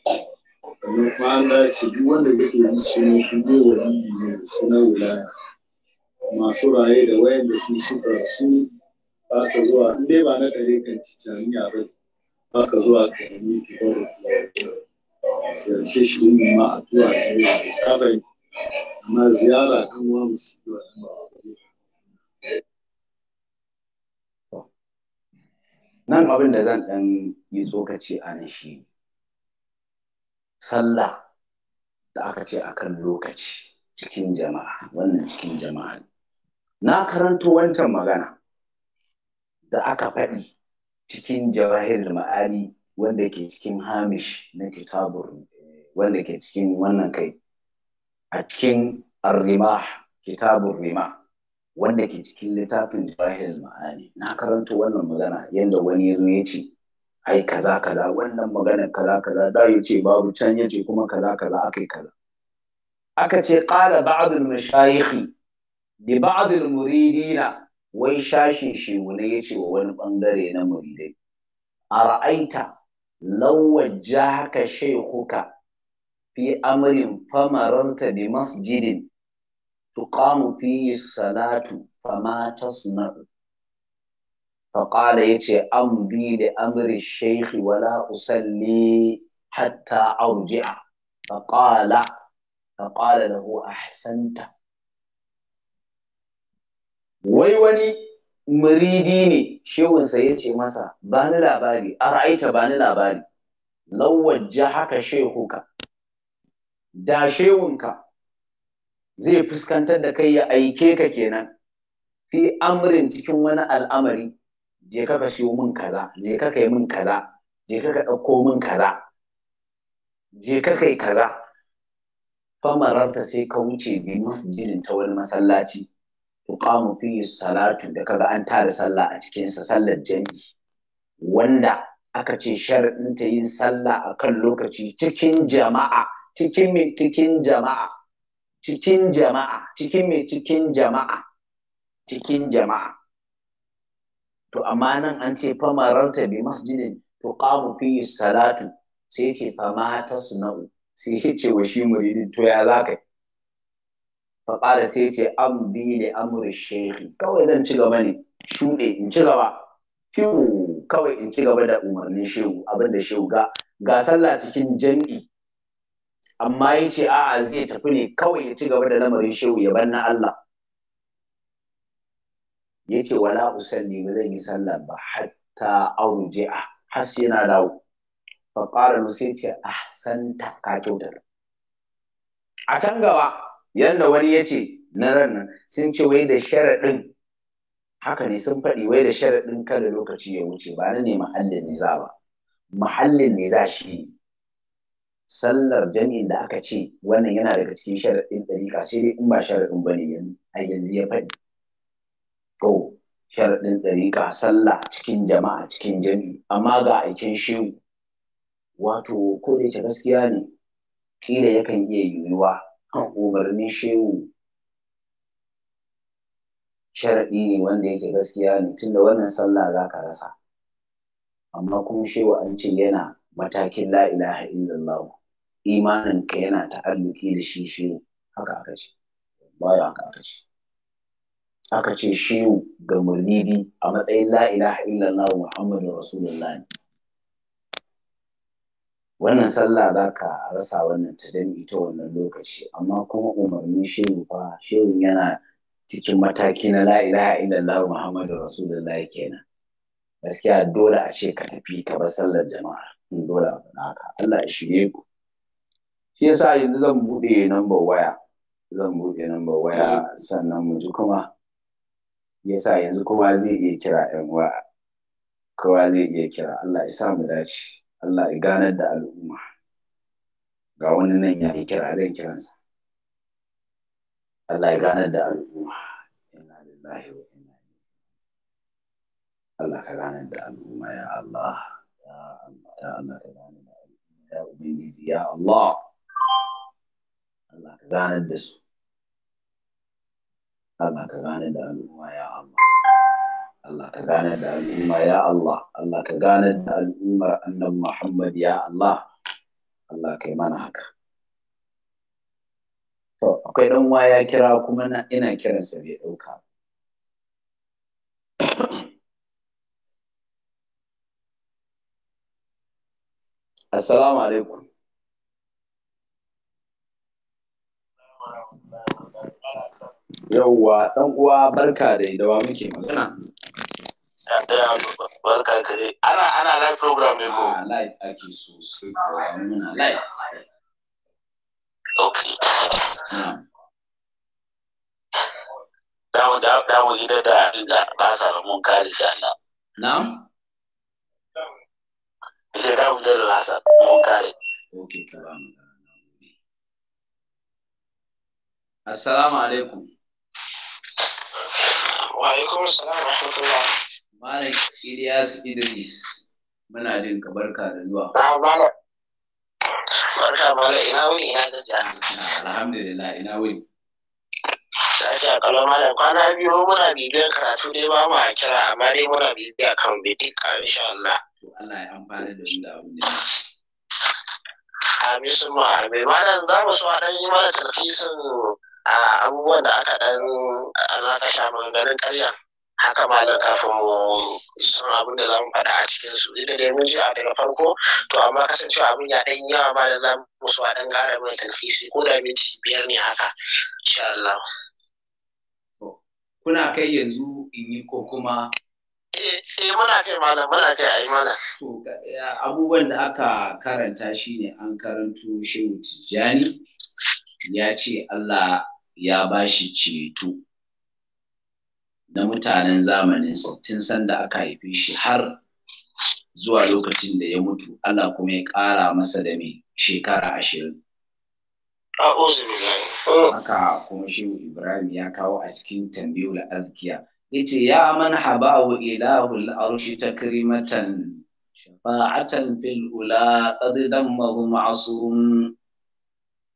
Sannan kuma an dace duk wanda kake yi suna shi ne wani ne suna wilaya. Masu raye da wayan da kuma suka rasu ba ka zuwa in dai ba na ɗari kan tijaniya ba ba ka zuwa ka nemi ki bari. Ziyarce shi ne ma addu'a ne da tsabai amma ziyara kan wa musulmi nan abin da zan ɗan yi tsokaci a nan shi sallah da aka ce a kan lokaci cikin jama'a wannan cikin jama'a na karanto wancan magana da aka faɗi cikin jawahir ma'ani wanda ke cikin hamish na kitabur wanda ke cikin wannan kai a cikin arrima kitabur rima wanda ke cikin littafin jahil ma'ani na karanta wannan magana yadda wani ya zo ya ce ai kaza kaza wannan magana kaza kaza da ya ce babu can ya ce kuma kaza kaza akai kaza aka ce qala ba'd al-mashayikh bi ba'd al-muridina wai shashin wani ya ce wa wani bangare na muridai ara'aita law wajjahaka shaykhuka fi amrin famaranta bi masjidin tuqamu fihi salatu fama tasna'u فقال يتي أمضي لأمر الشيخ ولا a حتى أرجع فقال فقال له أحسنت wai wani muridi ne shehunsa ya ce masa ba ni labari a ra'aita ba ni labari lawajja haka shehuka da shehunka zai fuskantar da kai ya aike ka kenan fi amrin cikin wani al'amari je ka ka siyo min kaza je ka kai min kaza je ka ka ɗauko min kaza je ka kai kaza famararta sai ka wuce bi masjidin ta wani masallaci tuqamu fihi salatu da kaga an tara sallah a cikin sa sallar jami'i wanda aka ce shar'in ta yin sallah akan lokaci cikin jama'a cikin cikin jama'a cikin jama'a cikin mai cikin jama'a cikin jama'a to amma nan an ce famararta bi masjidin tuqamu fi salatu sai ce fama tasna'u sai ya ce wa shi muridin to ya zaka yi faƙara sai ce an bi ne amurin shehi kawai zan ci gaba ne shuɗe in ci gaba fiwu kawai in ci gaba da umarnin shehu abinda shehu ga ga sallah cikin jam'i amma ya ce a'a zai tafi ne kawai ya ci gaba da lamarin shehu ya bar na Allah ya ce wala usalli ba zan yi sallah ba hatta auji'a har sai yana dawo fa qala sai ce ahsanta ka kyautar a can gaba yanda wani ya ce na ran nan sun ce wai da sharaɗin haka ne sun faɗi wai da sharaɗin kada lokaci ya wuce ba na ne mahallin niza ba mahallin niza shi ne sallar jami'in da aka ce wannan yana daga cikin sharaɗin ɗariƙa sai dai in ba sharaɗin ba ne a yanzu ya faɗi to sharaɗin ɗariƙa sallah cikin jama'a cikin jami'i amma ga aikin shehu wato ko da yake gaskiya ne ƙila yakan iya yiwuwa kan umarnin shehu sharaɗi ne wanda yake gaskiya ne tunda wannan sallah za ka rasa amma kuma shehu an ce yana matakin la ilaha illallah imanin ka yana ta'alluki da shi shi haka aka ce bayan haka aka ce aka ce shehu ga muridi a matsayin la ilaha illallah muhammadu rasulullah ne wannan sallah za ka rasa wannan ta jami'i ta wannan lokaci amma kuma umarnin shehu fa shehu yana cikin mataki na la ilaha illallah muhammadu rasulullah kenan gaskiya dole a ce ka tafi ka bar sallar jama'a dole a faɗa haka Allah ya shige ku shi yasa yanzu zan buɗe number waya zan buɗe number waya sannan mu ji kuma yasa yanzu kowa zai iya kira yan uwa kowa zai iya kira Allah ya sa mu dace Allah ya ganar da al'umma ga wani nan ya yi kira zan kiransa Allah ya ganar da al'umma inna lillahi wa inna ilaihi Allah ka ganar da al'umma ya Allah ya Allah ka gane da ya ubangiji ya Allah Allah ka gane da su Allah ka gane da al'umma ya Allah Allah ka gane da al'umma ya Allah Allah ka gane da al'ummar annan Muhammad ya Allah Allah ka yi mana haka to akwai dan ya kira kuma ina kiransa bai ɗauka. Assalamu Yawwa ɗan uwa barka da dawa muke magana. Barka ka dai. Ana ana live program ne ko? Ah, live ake so. kuwa muna live. Okay. Ah. Damu da gida da da ba sa mun kare Allah. Na'am. Shira Abdul Hassan mun kare. Okay, ta ba mu Assalamu alaikum. Wa alaikum salam wa rahmatullah. Malam Ilyas Idris. Muna jin ka barka da zuwa. Barka malam ina wuni ina da jami'a. Alhamdulillah ina wuni. Sashi a kalau malam kwana biyu muna bibiyar karatu dai ba mu kira amma dai muna bibiya kan bidik a insha Allah. to Allah ya amfani da mu da abin da Amin sun ma harbe, malam za mu so a ɗan yi mana tarfisin abubuwan da aka ɗan alakasha ganin ƙarya haka malam kafin mu san abin da za mu faɗa a cikin su da dai mun ji a daga farko to amma kasancewa abin ya ɗan yawa ba da za mu so a ɗan mai tafisi ko da minti biyar ne haka insha Allah. Kuna kai yanzu in yi ko kuma E, muna kai malam muna kai ayi abubuwan da aka karanta shine an karanto Shehu Tijjani ya ce Allah ya bashi ceto na mutanen zamanin tun sanda aka haife shi har zuwa lokacin da ya mutu Allah kuma ya ƙara masa da mai shekara ashirin. Haka kuma Shehu Ibrahim ya kawo a cikin tambiyul azkiya. yace ya man habahu ilahul arshi takrimatan shafa'atan fil ula qad dammahu ma'sum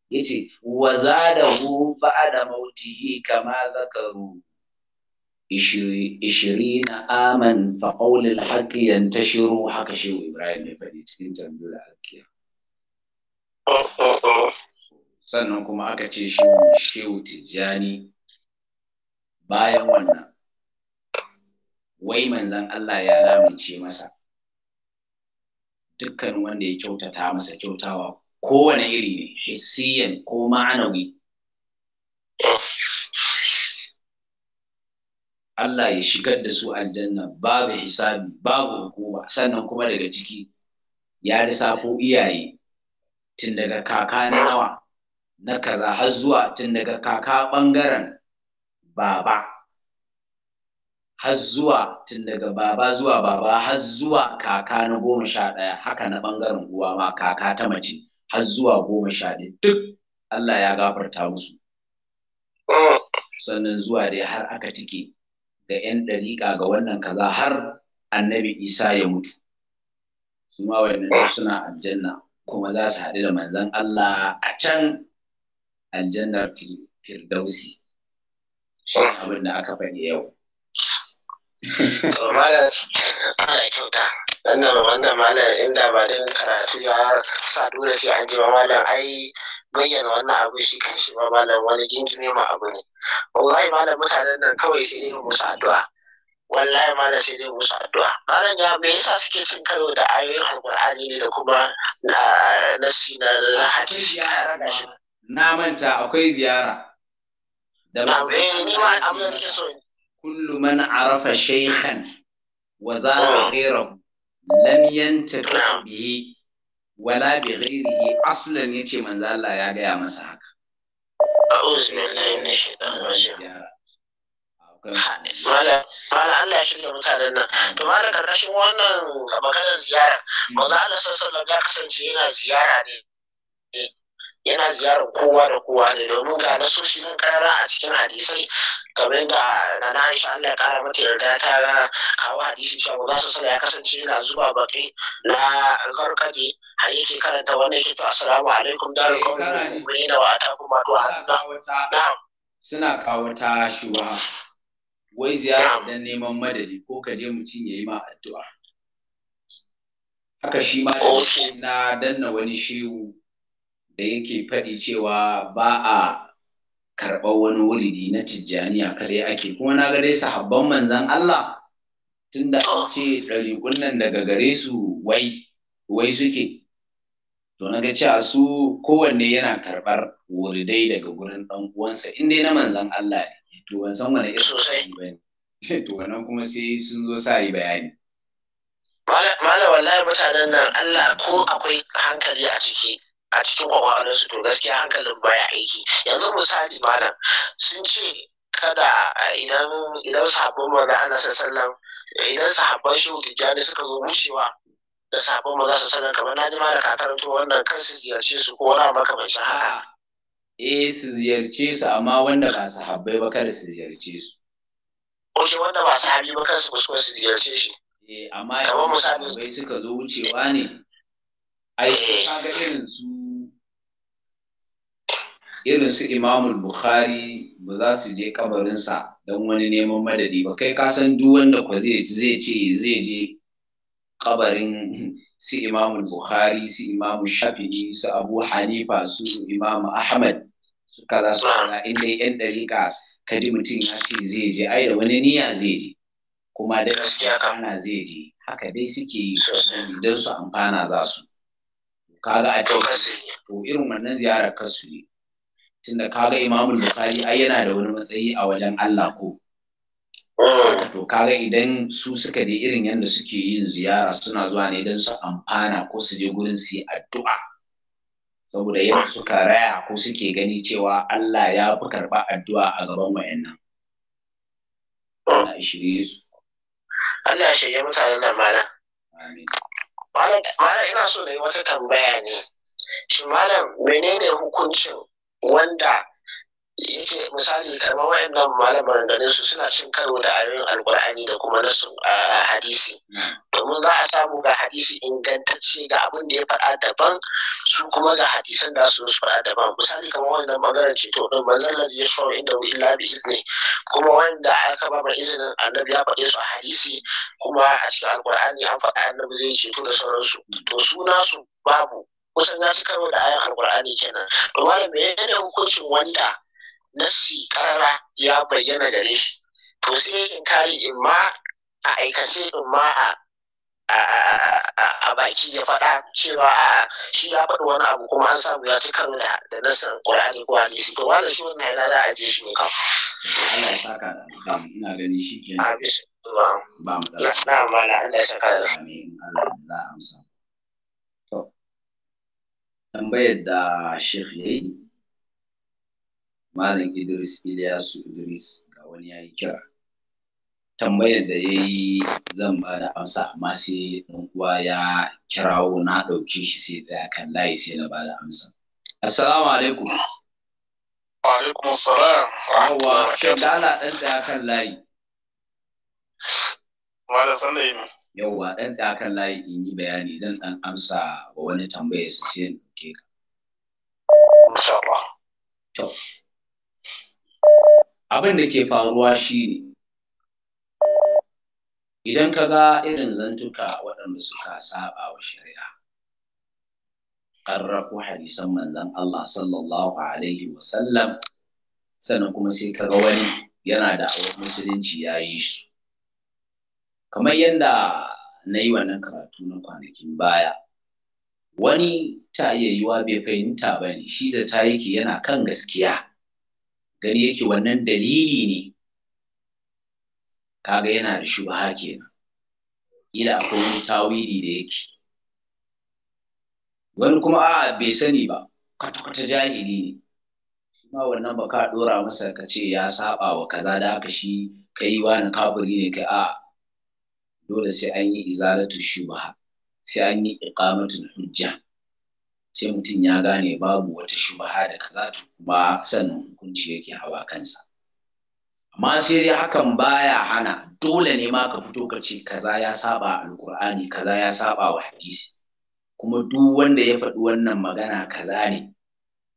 yace wa zadahu ba'da mautihi kama zakaru ishirin aman fa qawlil haqqi yantashiru haka shehu ibrahim ya faɗi cikin tambayar alkiya sannan kuma aka ce shehu tijjani bayan wannan wai manzan Allah ya lamince masa dukkan wanda ya kyautata masa kyautawa kowane iri ne hissiyan ko ma'anawi Allah ya shigar da su aljanna babu hisabi babu hukuma sannan kuma daga ciki ya lissafo iyaye tun daga kaka na nawa na kaza har zuwa tun daga kaka ɓangaren baba har zuwa tun daga baba zuwa baba har zuwa kaka na goma sha ɗaya haka na ɓangaren uwa ma kaka ta mace har zuwa goma sha ɗaya duk Allah ya gafarta musu sannan zuwa dai har aka cike ga 'yan ɗariƙa ga wannan kaza har annabi isa ya mutu su ma wayannan suna aljanna kuma za su haɗu da manzon Allah a can aljannar firdausi shi abin da aka faɗi yau to malam ana kyauta wannan wannan malam inda ba don karatu ya sa dole sai an ji ba malam ai bayyana wannan abu shi kan shi ba malam wani gingime ma abu ne wallahi malam mutanen nan kawai sai yin musu addu'a wallahi malam sai dai musu addu'a malam ga me yasa suke cin karo da ayoyin alqur'ani ne da kuma na nasi na hadisi na manta akwai ziyara da ba eh, ni ma abin da nake so in kullu arafa shaykhan wa zara ghayrahu lam yantafi bihi wala aslan yace manzo Allah ya haka a'udhu karkashin wannan maganar ziyara, manzo Allah sallallahu ya kasance yana ziyara ne yana ziyarar kowa da kowa ne domin ga nasoshi nan karara a cikin hadisai kamar da na na Aisha Allah ya kara mata yarda ta ga kawo hadisi cewa ba za su sala ya kasance yana zuba baki na garkaje har yake karanta wanda yake to assalamu alaikum darul eh, qawmi da wa kuma ma tu'aduna suna kawo ta shuwa wai ziyara dan neman madadi ko ka je mutum yayi ma addu'a haka shi ma na danna wani shehu da yake faɗi cewa ba a karɓar wani wulidi na tijjaniya kare ake kuma na gare habban manzan Allah tun da an ce ɗari nan daga gare su wai wai suke to na ga cewa su kowanne yana karɓar wulidai daga gurin ɗan uwansa in dai na manzan Allah ne to ban san wani irin sai ba to wannan kuma sai sun zo sa yi bayani mala wallahi mutanen nan Allah ko akwai hankali a ciki a cikin su, to gaskiya hankalin baya aiki yanzu misali malam sun ce kada idan idan sabon maza ana sallan idan sahabban shehu tijjani suka zo wucewa da sabon maza su sallan kamar na jima da kakaranto wannan kan su ziyarce su ko wani makamancin haka eh su ziyarce su amma wanda ba sahabbai ba kada su ziyarce su oke wanda ba sahabi ba kan su kuskure su ziyarce shi eh amma kamar misali suka zo wucewa ne ai eh. ga irin su irin su imamul bukhari ba za su je kabarinsa don wani neman madadi ba kai ka san duk wanda ko zai zai ce zai je kabarin su imamul bukhari su imamu shafi'i su abu hanifa su imamu ahmad su kaza su kaza inda yan dariƙa ka ji mutum ya ce zai je ai da wani niyya zai je kuma da gaskiya kana zai je haka dai suke yi don su amfana za su kaga a cikin to irin wannan ziyarar kasu ne tunda kaga imamul bukhari ai yana da wani matsayi a wajen Allah ko to kaga idan su suka je irin yadda suke yin ziyara suna zuwa ne don su amfana ko su je gurin su yi addu'a saboda yadda suka raya ko suke gani cewa Allah ya fi karɓa addu'a a gaban wayannan Allah shirye su Allah ya shirye mutanen nan malam amin malam ina so da yi wata tambaya ne shi malam menene hukuncin wanda yake misali kamar wayannan malaman ganin su suna cin karo da ayoyin alkur'ani da kuma nasu a hadisi domin za a samu ga hadisi ingantacce ga abin da ya faɗa daban su kuma ga hadisan da su faɗa daban misali kamar wannan maganar ceto din manzon lazi ya shawo inda wu labi izini, kuma wanda aka ba mai izinin annabi ya faɗe su a hadisi kuma a cikin alkur'ani an faɗa annabi zai ceto da sauransu to su nasu babu kusan za su karo da ayan alkur'ani kenan to malam yana hukuncin wanda nasi karara ya bayyana gare shi to sai in kare in ma a aikace in ma a a baki ya faɗa cewa a shi ya faɗi wani abu kuma an samu ya ci karo da da nasan Qur'ani ko hadisi to wanda shi wannan yana za a je shi ne kam Allah ya saka da ina gani shi ke ba mu da na mala Allah ya saka da amin Allah ya amsa tambayar da shekh ya yi malam idris ilyasu idris ga wani ya yi kira tambayar da ya yi zan ba da amsa amma sai ɗan uwa ya kirawo na ɗauke shi sai tsaya kan layi sai na ba da amsa assalamu alaikum wa alaikum assalam wa dala ɗan tsaya kan layi da sanda yi Yawwa, ɗan tsaya kan layi in yi bayani zan ɗan amsa wa wani tambayar su sai abin da ke faruwa shine idan ka ga irin zantuka waɗanda suka saba wa shari'a ƙarrafu hadisan manzon Allah sallallahu alaihi wasallam sannan kuma sai ka ga wani yana da musulunci ya yi su kamar yadda na yi wannan karatu na kwanakin baya wani ta iya yiwuwa bai fahimta ba ne shi zata yake yana kan gaskiya gani yake wannan dalili ne kaga yana da shubha kenan kila akwai wani tawili da yake wani kuma a'a bai sani ba kwata-kwata jahili ne ma wannan ba ka ɗora masa ka ce ya saba wa kaza da haka shi kai wani kafiri ne ka a dole sai an yi izalatu shubha sai an yi iqamatul hujja sai mutum ya gane babu wata shubaha da kaza to kuma sannan hukunci yake hawa kansa amma sai dai hakan baya hana dole ne ma ka fito ka ce kaza ya saba alqur'ani kaza ya saba wa hadisi kuma duk wanda ya faɗi wannan magana kaza ne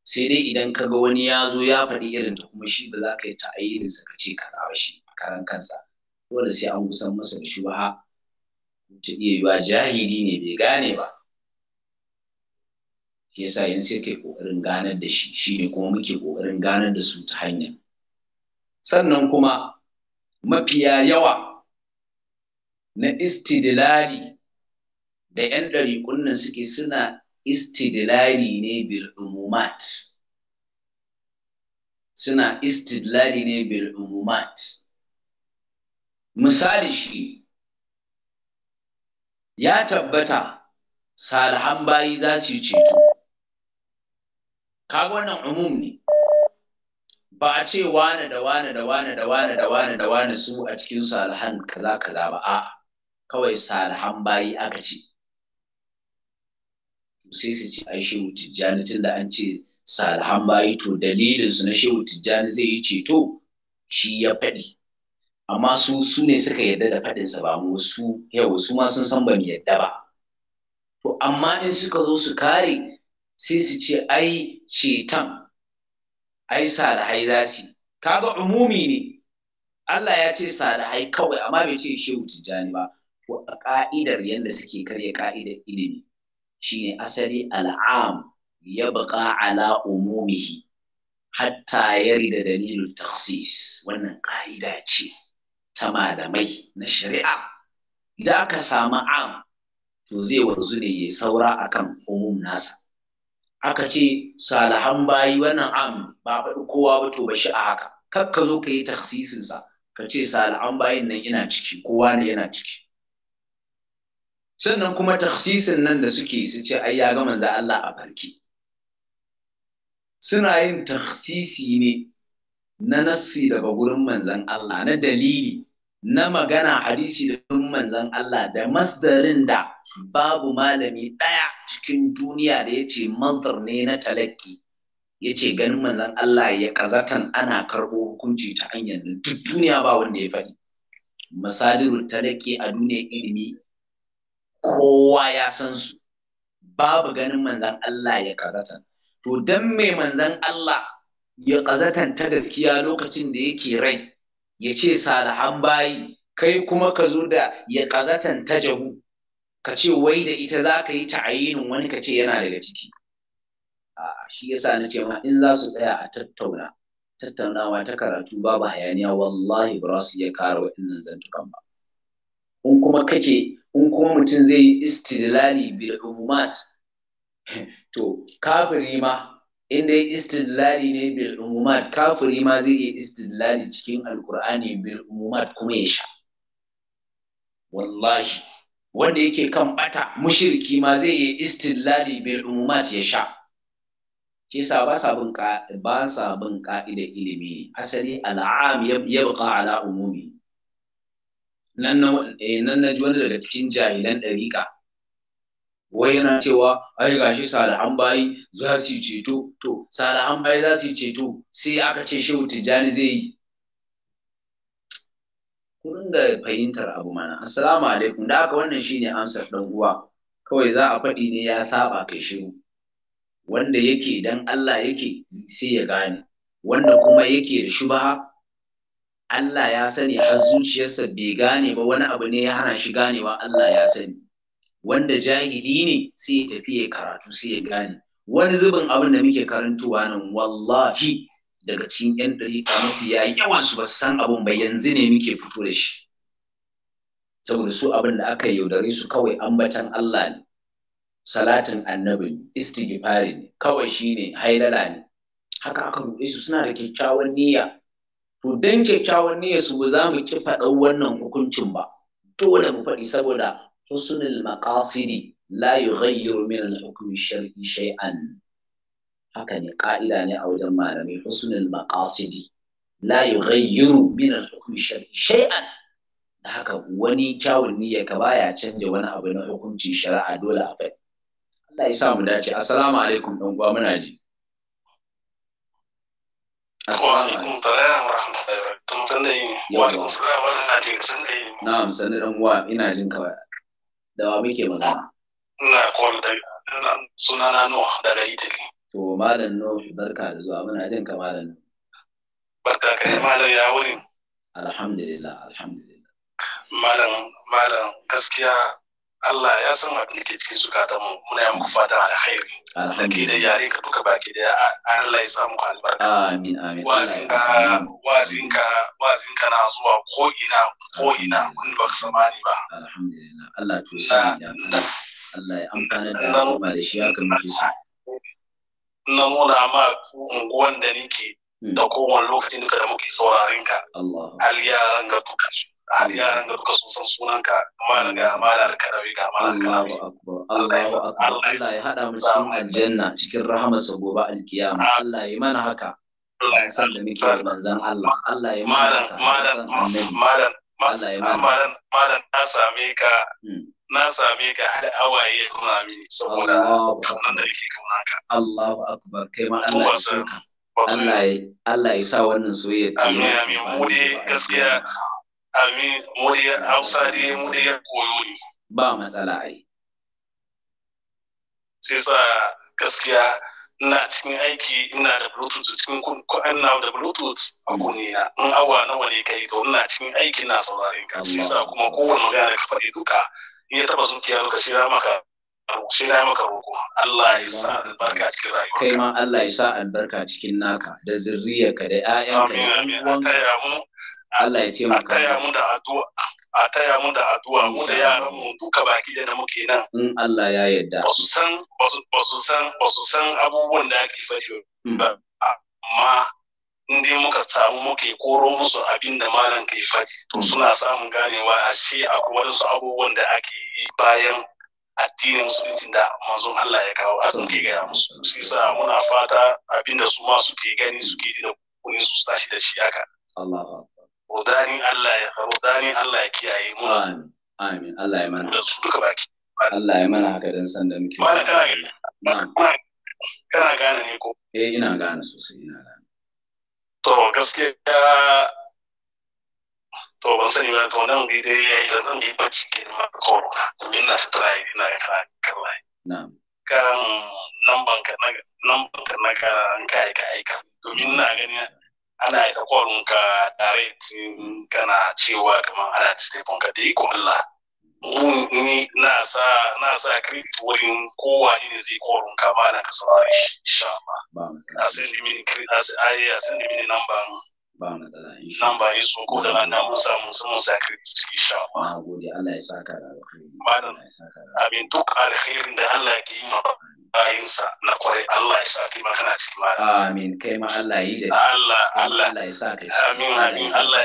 sai dai idan ka ga wani ya zo ya faɗi irin ta kuma shi ba za ka yi ta'ayyinsa ka ce kaza ba shi a karan kansa dole sai an kusan masa da shubaha ta iya yiwa jahili ne bai gane ba shi sa yanzu sai kai ƙoƙarin ganar da shi ne kuma muke ƙoƙarin ganar da su ta hanya sannan kuma mafiya yawa na istidilari da yan ɗariƙun nan suke suna istidilari ne bil umumat suna istidilari ne bil umumat misali shi ya tabbata salihan bayi za su yi ceto kaga wannan umum ne ba a ce wane da wane da wane da wane da wane da wane su a cikin salihan kaza kaza ba a kawai salihan bayi aka ce sai su ce ai shehu tijjani tun da an ce salihan bayi to dalilinsu na shehu tijjani zai yi ceto shi ya faɗi amma su su ne suka yadda da faɗinsa ba mu su yau su ma sun san ba mu yadda ba to amma in suka zo su kare sai su ce ai cetan ai salihai za su kaga umumi ne Allah ya ce salihai kawai amma bai ce shehu tijjani ba to a ka'idar yadda suke karya ka'idar ilimi shine asali al'am ya baka ala umumihi hatta da dalilul taksis wannan ka'ida ce ta malamai na shari'a idan aka samu am to zai wanzu ne ya saura akan umum nasa aka ce salahan bayi wannan am ba faɗi kowa ba to ba shi a haka kar ka zo ka yi taksisinsa ka ce salahan bayin nan yana ciki kowa ne yana ciki sannan kuma taksisin nan da suke su ce ai ya ga manzo Allah a farki suna yin taksisi ne na nassi daga gurin manzan Allah na dalili na magana hadisi da gurin manzan Allah da masdarin da babu malami ɗaya cikin duniya da ya ce masdar ne na talaki ya ce ganin manzan Allah ya kazatan ana karɓo hukunci ta hanyar duk duniya ba wanda ya faɗi misalin talaki a duniyar ilimi kowa ya san su babu ganin manzan Allah ya kazatan to dan mai manzan Allah ya ƙazatan ta gaskiya lokacin da yake rai ya ce salihan bayi kai kuma ka zo da ya ƙazatan ta jahu ka ce wai da ita za ka yi ta'ayinin wani ka ce yana daga ciki shi yasa na ce ma in za su tsaya a tattauna tattaunawa ta karatu babu hayaniya wallahi ba su iya kare waɗannan zantukan ba in kuma kake in kuma mutum zai yi istidlali bil umumat to kafiri ma in dai istidlali ne bil umumat kafiri ma zai iya istidlali cikin alkur'ani bil umumat kuma ya sha wallahi wanda yake kan bata mushirki ma zai iya istidlali bil umumat ya sha ke sa ba sa bin ba sa bin ka'idar ilimi asali al'am yabqa ala umumi nan na eh, nan ji daga cikin jahilan dariƙa wai yana cewa ai gashi salihan bayi za su yi ceto to salihan bayi za su yi ceto sai aka ce shehu tijjani zai yi kun da fahimtar abu mana assalamu alaikum da aka wannan shine amsar dan uwa kawai za a faɗi ne ya saba kai shiru wanda yake dan Allah yake sai ya gane wanda kuma yake da ba? Allah ya sani har zuciyarsa bai gane ba wani abu ne ya hana shi ganewa Allah ya sani wanda jahili ne sai ya tafi ya karatu sai ya gane wani zubin abin da muke karantuwa nan wallahi daga cikin yan ɗariƙa mafiya yawan su ba san abin ba yanzu ne muke fito da shi saboda su abin da aka yaudare su kawai ambatan Allah ne salatin annabi ne istighfari ne kawai shine haidala ne haka aka ruɗe su suna da kyakkyawan niyya to dan kyakkyawan niyya su ba za mu ki faɗa wannan hukuncin ba dole mu faɗi saboda حسن المقاصد لا يغير من الحكم الشرعي شيئا هكذا قائلا او جمالا حسن المقاصد لا يغير من الحكم الشرعي شيئا هكا وني كاول نية كبايا تشنج وانا ابن حكم تي شرع دولة افك الله يسامو داتي السلام عليكم نوم قوامنا جي السلام عليكم ورحمة الله وبركاته إيه؟ إيه؟ نعم سنة الأموال إيه؟ إنا جنك da wa muke magana ina call da sunana Nuh daga ke. to malam Nuh barka da zuwa muna jin ka malam barka ka malam ya wuri alhamdulillah alhamdulillah malam malam gaskiya Allah ya san abin da ke cikin zukatan mu muna yi muku da alkhairi da ke da yare ka duka baki da Allah ya samu muku albarka amin amin wazinka wazinka wazinka na zuwa ko ina ko ina kun ba ka samani ba alhamdulillah Allah to sa Allah ya amfana da al'umma da shi haka muke so na nuna ma unguwan da nake hmm. da kowane lokacin da muke saurarin ka al yaran ga duka su har yaran da baka so san sunanka malam ga malam karawi ga malam karawi Allah ya hada mu cikin aljanna cikin rahamarsa gobe alkiyama Allah ya mana haka san da muke manzon Allah Allah ya mana haka malam malam malam malam malam na same ka hmm. na same ka har awaye kuma mini saboda kaunan da yake kauna ka Allahu akbar kai ma Allah ya saka Allah ya sa wannan soyayya ta Amin amin mu dai gaskiya Ami mu dai Hausa dai mu ya koyo ne. Ba matsala ai. Sai sa gaskiya ina cikin aiki ina da bluetooth cikin ina da bluetooth a kunniya in awa nawa ne kai to ina cikin aiki na sauraren ka shi yasa kuma kowanne magana da ka faɗi duka in ya taba zuciya duka shi na maka shi na maka roko Allah ya sa albarka cikin rayuwa kai ma Allah ya sa albarka cikin naka da zurriyarka da ƴaƴanka da uwanka Allah ya ce mu taya mu da addu'a a taya mu da addu'a mu da yaran mu duka baki da na muke nan in Allah ya yarda ba su san ba su san ba su san abubuwan da ake faɗi ba mm. amma in dai muka samu muke koro musu abin da malam ke faɗi to mm. suna samun ganewa a shi da su abubuwan da ake yi bayan addinin musulunci da manzon Allah ya kawo a ke gaya musu mm. shi sa muna fata abin da su ma suke gani suke ji da kuni su tashi da shi haka Rodani Allah ya Rodani Allah ya kiyaye mu. Amin. Amin. Allah ya mana. Da su duka baki. Allah ya mana haka dan san da muke. Ba kana gane. Kana gane ne ko? Eh ina gane sosai ina gane. To gaskiya to ban sani ba to nan bi dai yayi da zan yi bacci ke ma corona. Domin na try ina kana kallai. Na'am. Kan nan banka na nan banka na an kai ka aika. Domin na gani ana ita kwarin ka tare kana cewa kamar ana stephen ka dai ko Allah ni na sa na sa credit wurin kowa ne zai kwarin ka ba na ka saurare shi insha Allah a send mini credit a send mini number ba na da nan ba ne sun ko da rana musa-musa sun sa kai cikin sha ba gode Allah ya saka da alkhairi malam amin duk alkhairin da Allah ke yi ma bayinsa na kwarai Allah ya saka ma kana cikin malam amin kai ma Allah yi da Allah Allah Allah ya saka amin amin Allah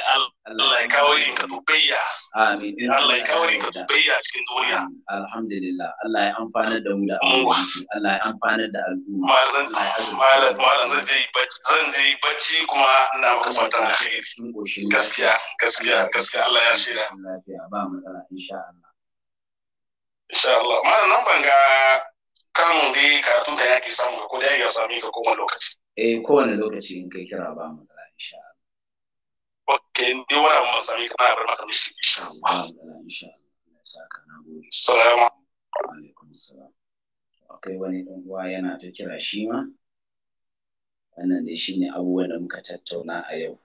Allah ya kawo yin ka dubayya amin Allah ya kawo yin ka dubayya cikin duniya alhamdulillah Allah ya amfana da mu da Allah ya amfana da al'umma malam malam zan je bacci kuma na maka kuma tana gaskiya gaskiya gaskiya Allah ya shirya lafiya ba insha Allah insha Allah nan ban ga kan yake samu ko ya sami ka kowane lokaci eh kowane lokaci in kai kira ba insha Allah okay ni wani mun sami ka bar maka mishi insha Allah insha Allah saka na gode assalamu alaikum assalam akwai wani ɗan uwa yana ta kira shi ma wannan ne shine abubuwan da muka tattauna a yau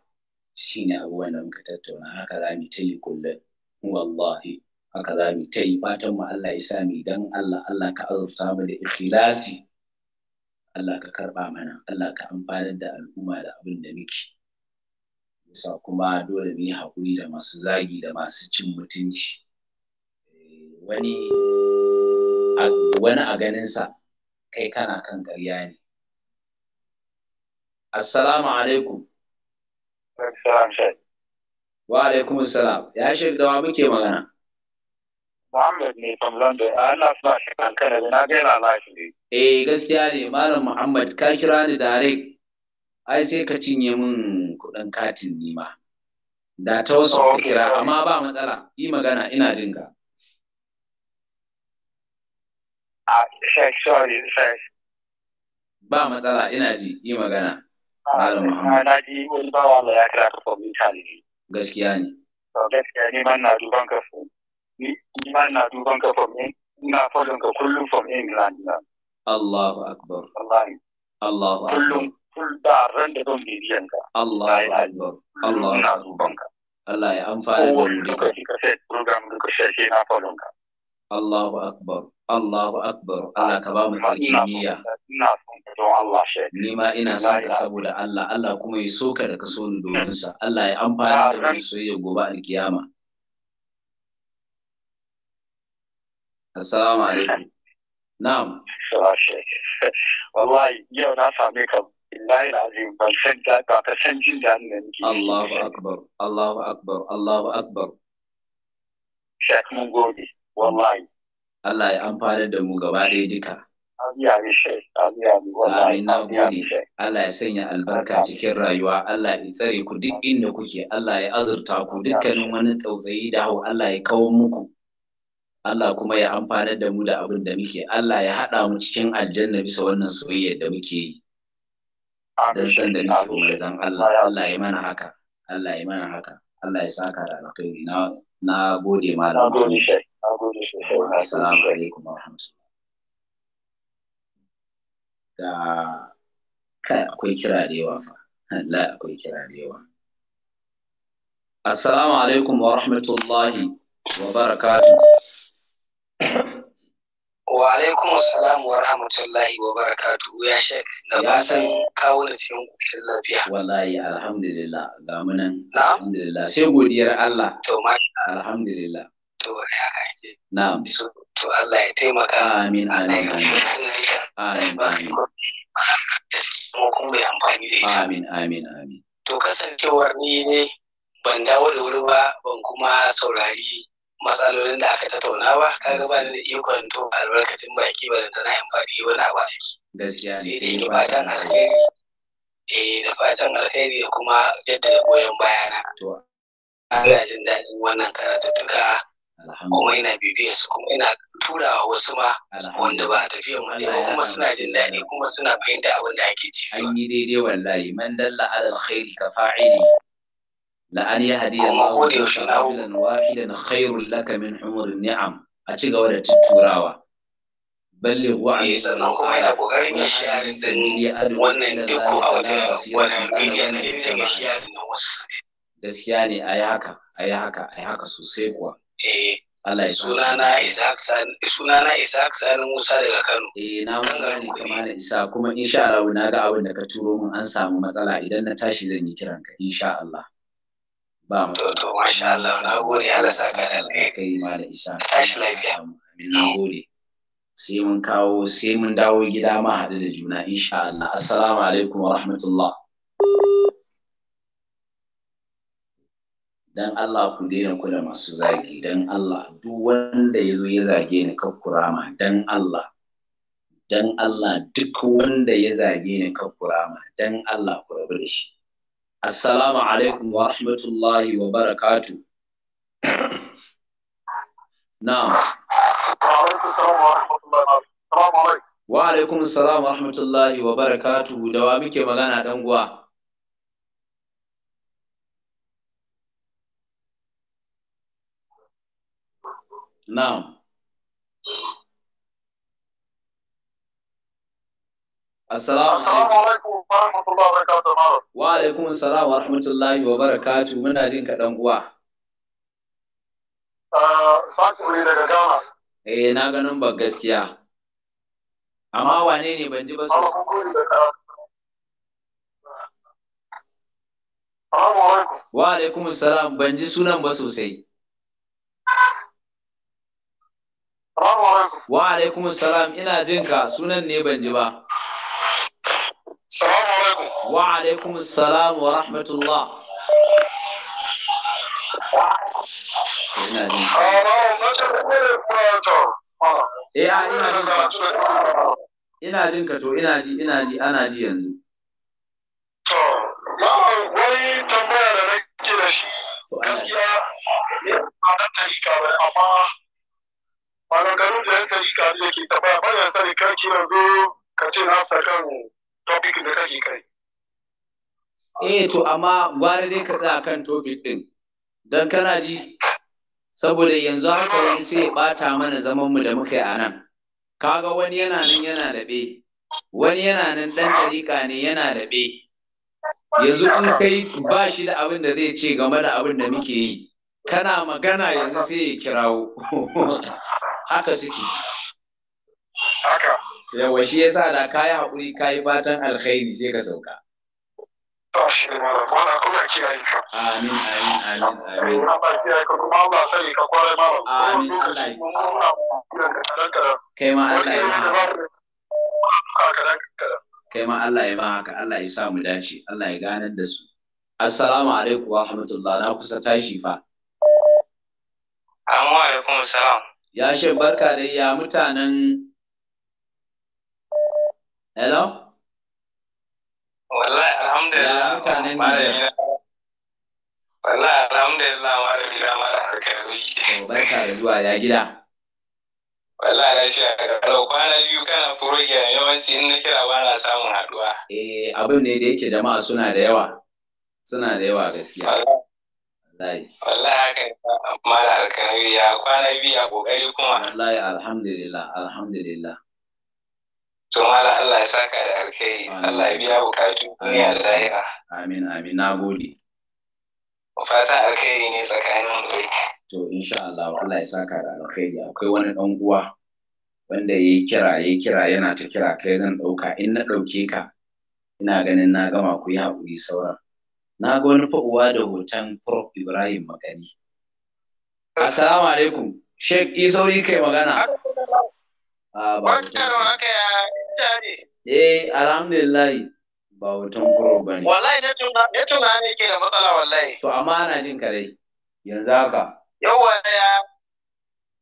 shine abubuwan da muka tattauna haka za mu ta yi kullum wallahi haka za mu ta yi fatan mu Allah ya sa mu dan Allah Allah ka azurta mu da ikhlasi Allah ka karba mana Allah ka amfanar da al'umma da abin da muke yasa kuma dole mu yi haƙuri da masu zagi da masu cin mutunci eh, wani a ganinsa kai kana kan ƙarya ne Assalamu alaikum. Assalamu alaikum. Wa alaikum assalam. Ya shi da wa muke magana? Muhammad ne from London. Allah suna shi kanka da na gaira lashi ne. Eh gaskiya ne Malam Muhammad ka kira ni direct. Ai sai ka cinye min kuɗin katin ni ma. Da ta wasu ka kira amma ba matsala. Yi magana ina jin ka. Ah, sorry, sorry. Ba matsala ina ji yi magana. Malam Muhammad. Na ji wani bawa da ya kira ka kwamfuta ne. Gaskiya ne. Gaskiya ne ma na duban ka fom. Ni ma na duban ka fom ina fadon ka kullum fom England na. Allahu Akbar. Wallahi. Allahu Akbar. Kullum kullum da ran da don bibiyan ka. Allahu Akbar. Allahu Akbar. Ina duban ka. Allah ya amfana da mu. Kowane lokaci ka sai program duka shashe na fadon ka. Allahu akbar Allahu akbar Allah ka ba mu tarkiyya ina son ka don Allah shi ni ma ina son ka saboda Allah Allah kuma ya soka da ka so ni domin sa Allah ya amfana da mu soyayya gobe alkiyama Assalamu alaikum Na'am wallahi yau na same ka billahi alazim ban san da ba ka san jin da nake Allahu akbar Allahu akbar Allahu akbar Sheikh mun gode wallahi Allah ya amfana da mu gaba ɗaya duka Amin na gode, Allah ya sanya albarka cikin rayuwa, Allah ya tsare ku duk inda kuke, Allah ya azurta ku dukkanin wani tsautsayi da hau Allah ya kawo muku. Allah kuma ya amfana da mu da abin da muke, Allah ya haɗa mu cikin aljanna bisa wannan soyayya da muke yi. Don san da muke umarzan Allah, Allah ya mana haka, Allah ya mana haka, Allah ya saka da alkhairi na gode malam. Na gode gode sosai. Assalamu kai akwai kira da yawa fa. Allah akwai kira da yawa. Assalamu alaikum wa rahmatullahi wa barakatuh. Wa alaikum assalam wa rahmatullahi wa barakatuh ya shek da fatan kawo da cikin kushin lafiya. Wallahi alhamdulillah ga munan. Alhamdulillah sai godiyar Allah. To ma alhamdulillah. to haka yake na'am so to Allah ya taimaka amin amin amin amin kuma kun bai amfani da ita amin amin amin to kasancewar ni ne ban dawo da wuri ba ban kuma saurari matsalolin da aka tattauna ba kaga ba ni da ikon to albarkacin baki ba da tana faɗi wani abu a ciki gaskiya sai dai ni fatan alheri eh da fatan alheri da kuma jaddada goyon bayana to ina jin daɗin wannan karatuttuka kuma ina bibiyan su kuma ina tura wasu ma wanda ba tafiya mu ne kuma suna jin daɗi kuma suna fahimta abin da ake ci an yi daidai wallahi man dalla ala alkhairi ka fa'ili la an yahdi Allahu rajulan wahidan khairul laka min humur ni'am a ci gaba da tuturawa balle wa an eh, sannan kuma yana kokarin ya sharing din wannan duku a wajen wannan media na da ya sharing da wasu gaskiya ne ayi haka ayi haka ayi haka sosai kuwa eh sunana Isaac Sani sunana Isaac Sani Musa daga Kano eh na mun na Isa kuma insha Allah na ga abin da ka turo mun an samu matsala idan na tashi zan yi kiran ka insha Allah ba mu to to masha Allah na gode Allah saka da alheri kai malam Isa tashi lafiya amin na gode sai mun kawo sai mun dawo gida ma haɗu da juna insha Allah assalamu alaikum wa rahmatullah dan Allah ku daina kula masu zagi dan Allah duk wanda ya zo ya zage ni kakkurama dan Allah dan Allah duk wanda ya zage ni kakkurama dan Allah ku rabu da shi assalamu alaikum wa rahmatullahi wa barakatuh na'am wa alaikum assalam wa rahmatullahi wa barakatuh da wa muke magana dan uwa Na'am. Assalamu alaikum wa rahmatullahi wa barakatuh. Wa alaikum assalam wa rahmatullahi wa barakatuh. Muna jin ka dan uwa. Ah, Saki ne daga Ghana. Eh na ganin ba gaskiya. Amma wane ne ban ji ba sosai. Wa alaikum assalam ban ji sunan ba sosai. Wa alaikum salam ina jin ka sunan ne ban ji ba. Salamu alaikum. Wa alaikum salam wa rahmatullah. Ina jin ka. Eh, ah, ina jin ka. Ina jin to ina ji ina ji ana ji yanzu. To, wani tambaya da nake da shi gaskiya eh, ba na tarika ba amma maganganun da yan tarika ne ke taba bayan sani kan kira zo ka ce na sa kan topic da kake kai eh to amma gwari dai ka tsaya kan topic din dan kana ji saboda yanzu haka wani sai bata mana zaman mu da muka yi a nan kaga wani yana nan yana laɓe wani yana nan dan tarika ne yana laɓe yanzu in kai ba shi da abin da zai ce game da abin da muke yi kana magana yanzu sai ya kirawo haka suke haka yawa shi yasa da kayi hakuri kayi fatan alkhairi sai ka sauka Amin, amin, amin, amin. Amin, Allah. Kai ma Allah ya Kai ma Allah ya haka, Allah ya sa mu dace, Allah ya ganar da su. Assalamu alaikum wa rahmatullah, na kusa tashi fa. Assalamu alaikum salam. Ya shi barka da ya mutanen Hello? Wallahi alhamdulillah. Ya mutanen Wallahi alhamdulillah malami na mara harkar wiki. Barka da zuwa ya gida. Wallahi lafiya da kalau kwana biyu kana program yawanci in na kira ba na samun haduwa. Eh abin ne da yake jama'a suna da yawa. Suna da yawa gaskiya. Wallahi wallahi haka mala alkanawi ya kwana biya kokari kuma wallahi alhamdulillah alhamdulillah to mala Allah ya saka da alkhairi Allah ya biya bukatu ni alahira amin amin na gode fatan alkhairi ne tsakanin ku to insha Allah Allah ya saka da alkhairi akwai wani ɗan uwa wanda ya yi kira yayi kira yana ta kira kai zan ɗauka in na ɗauke ka ina ganin na gama ku yi haƙuri sauran na ga wani fa'uwa da hoton prof ibrahim magani. assalamu alaikum sheik isauri kai magana a ah, ba eh alhamdulillah ba hoton prof ba ne wallahi ya tuna ne ke da matsala wallahi to amma ana jin ka dai yanzu haka yawa ya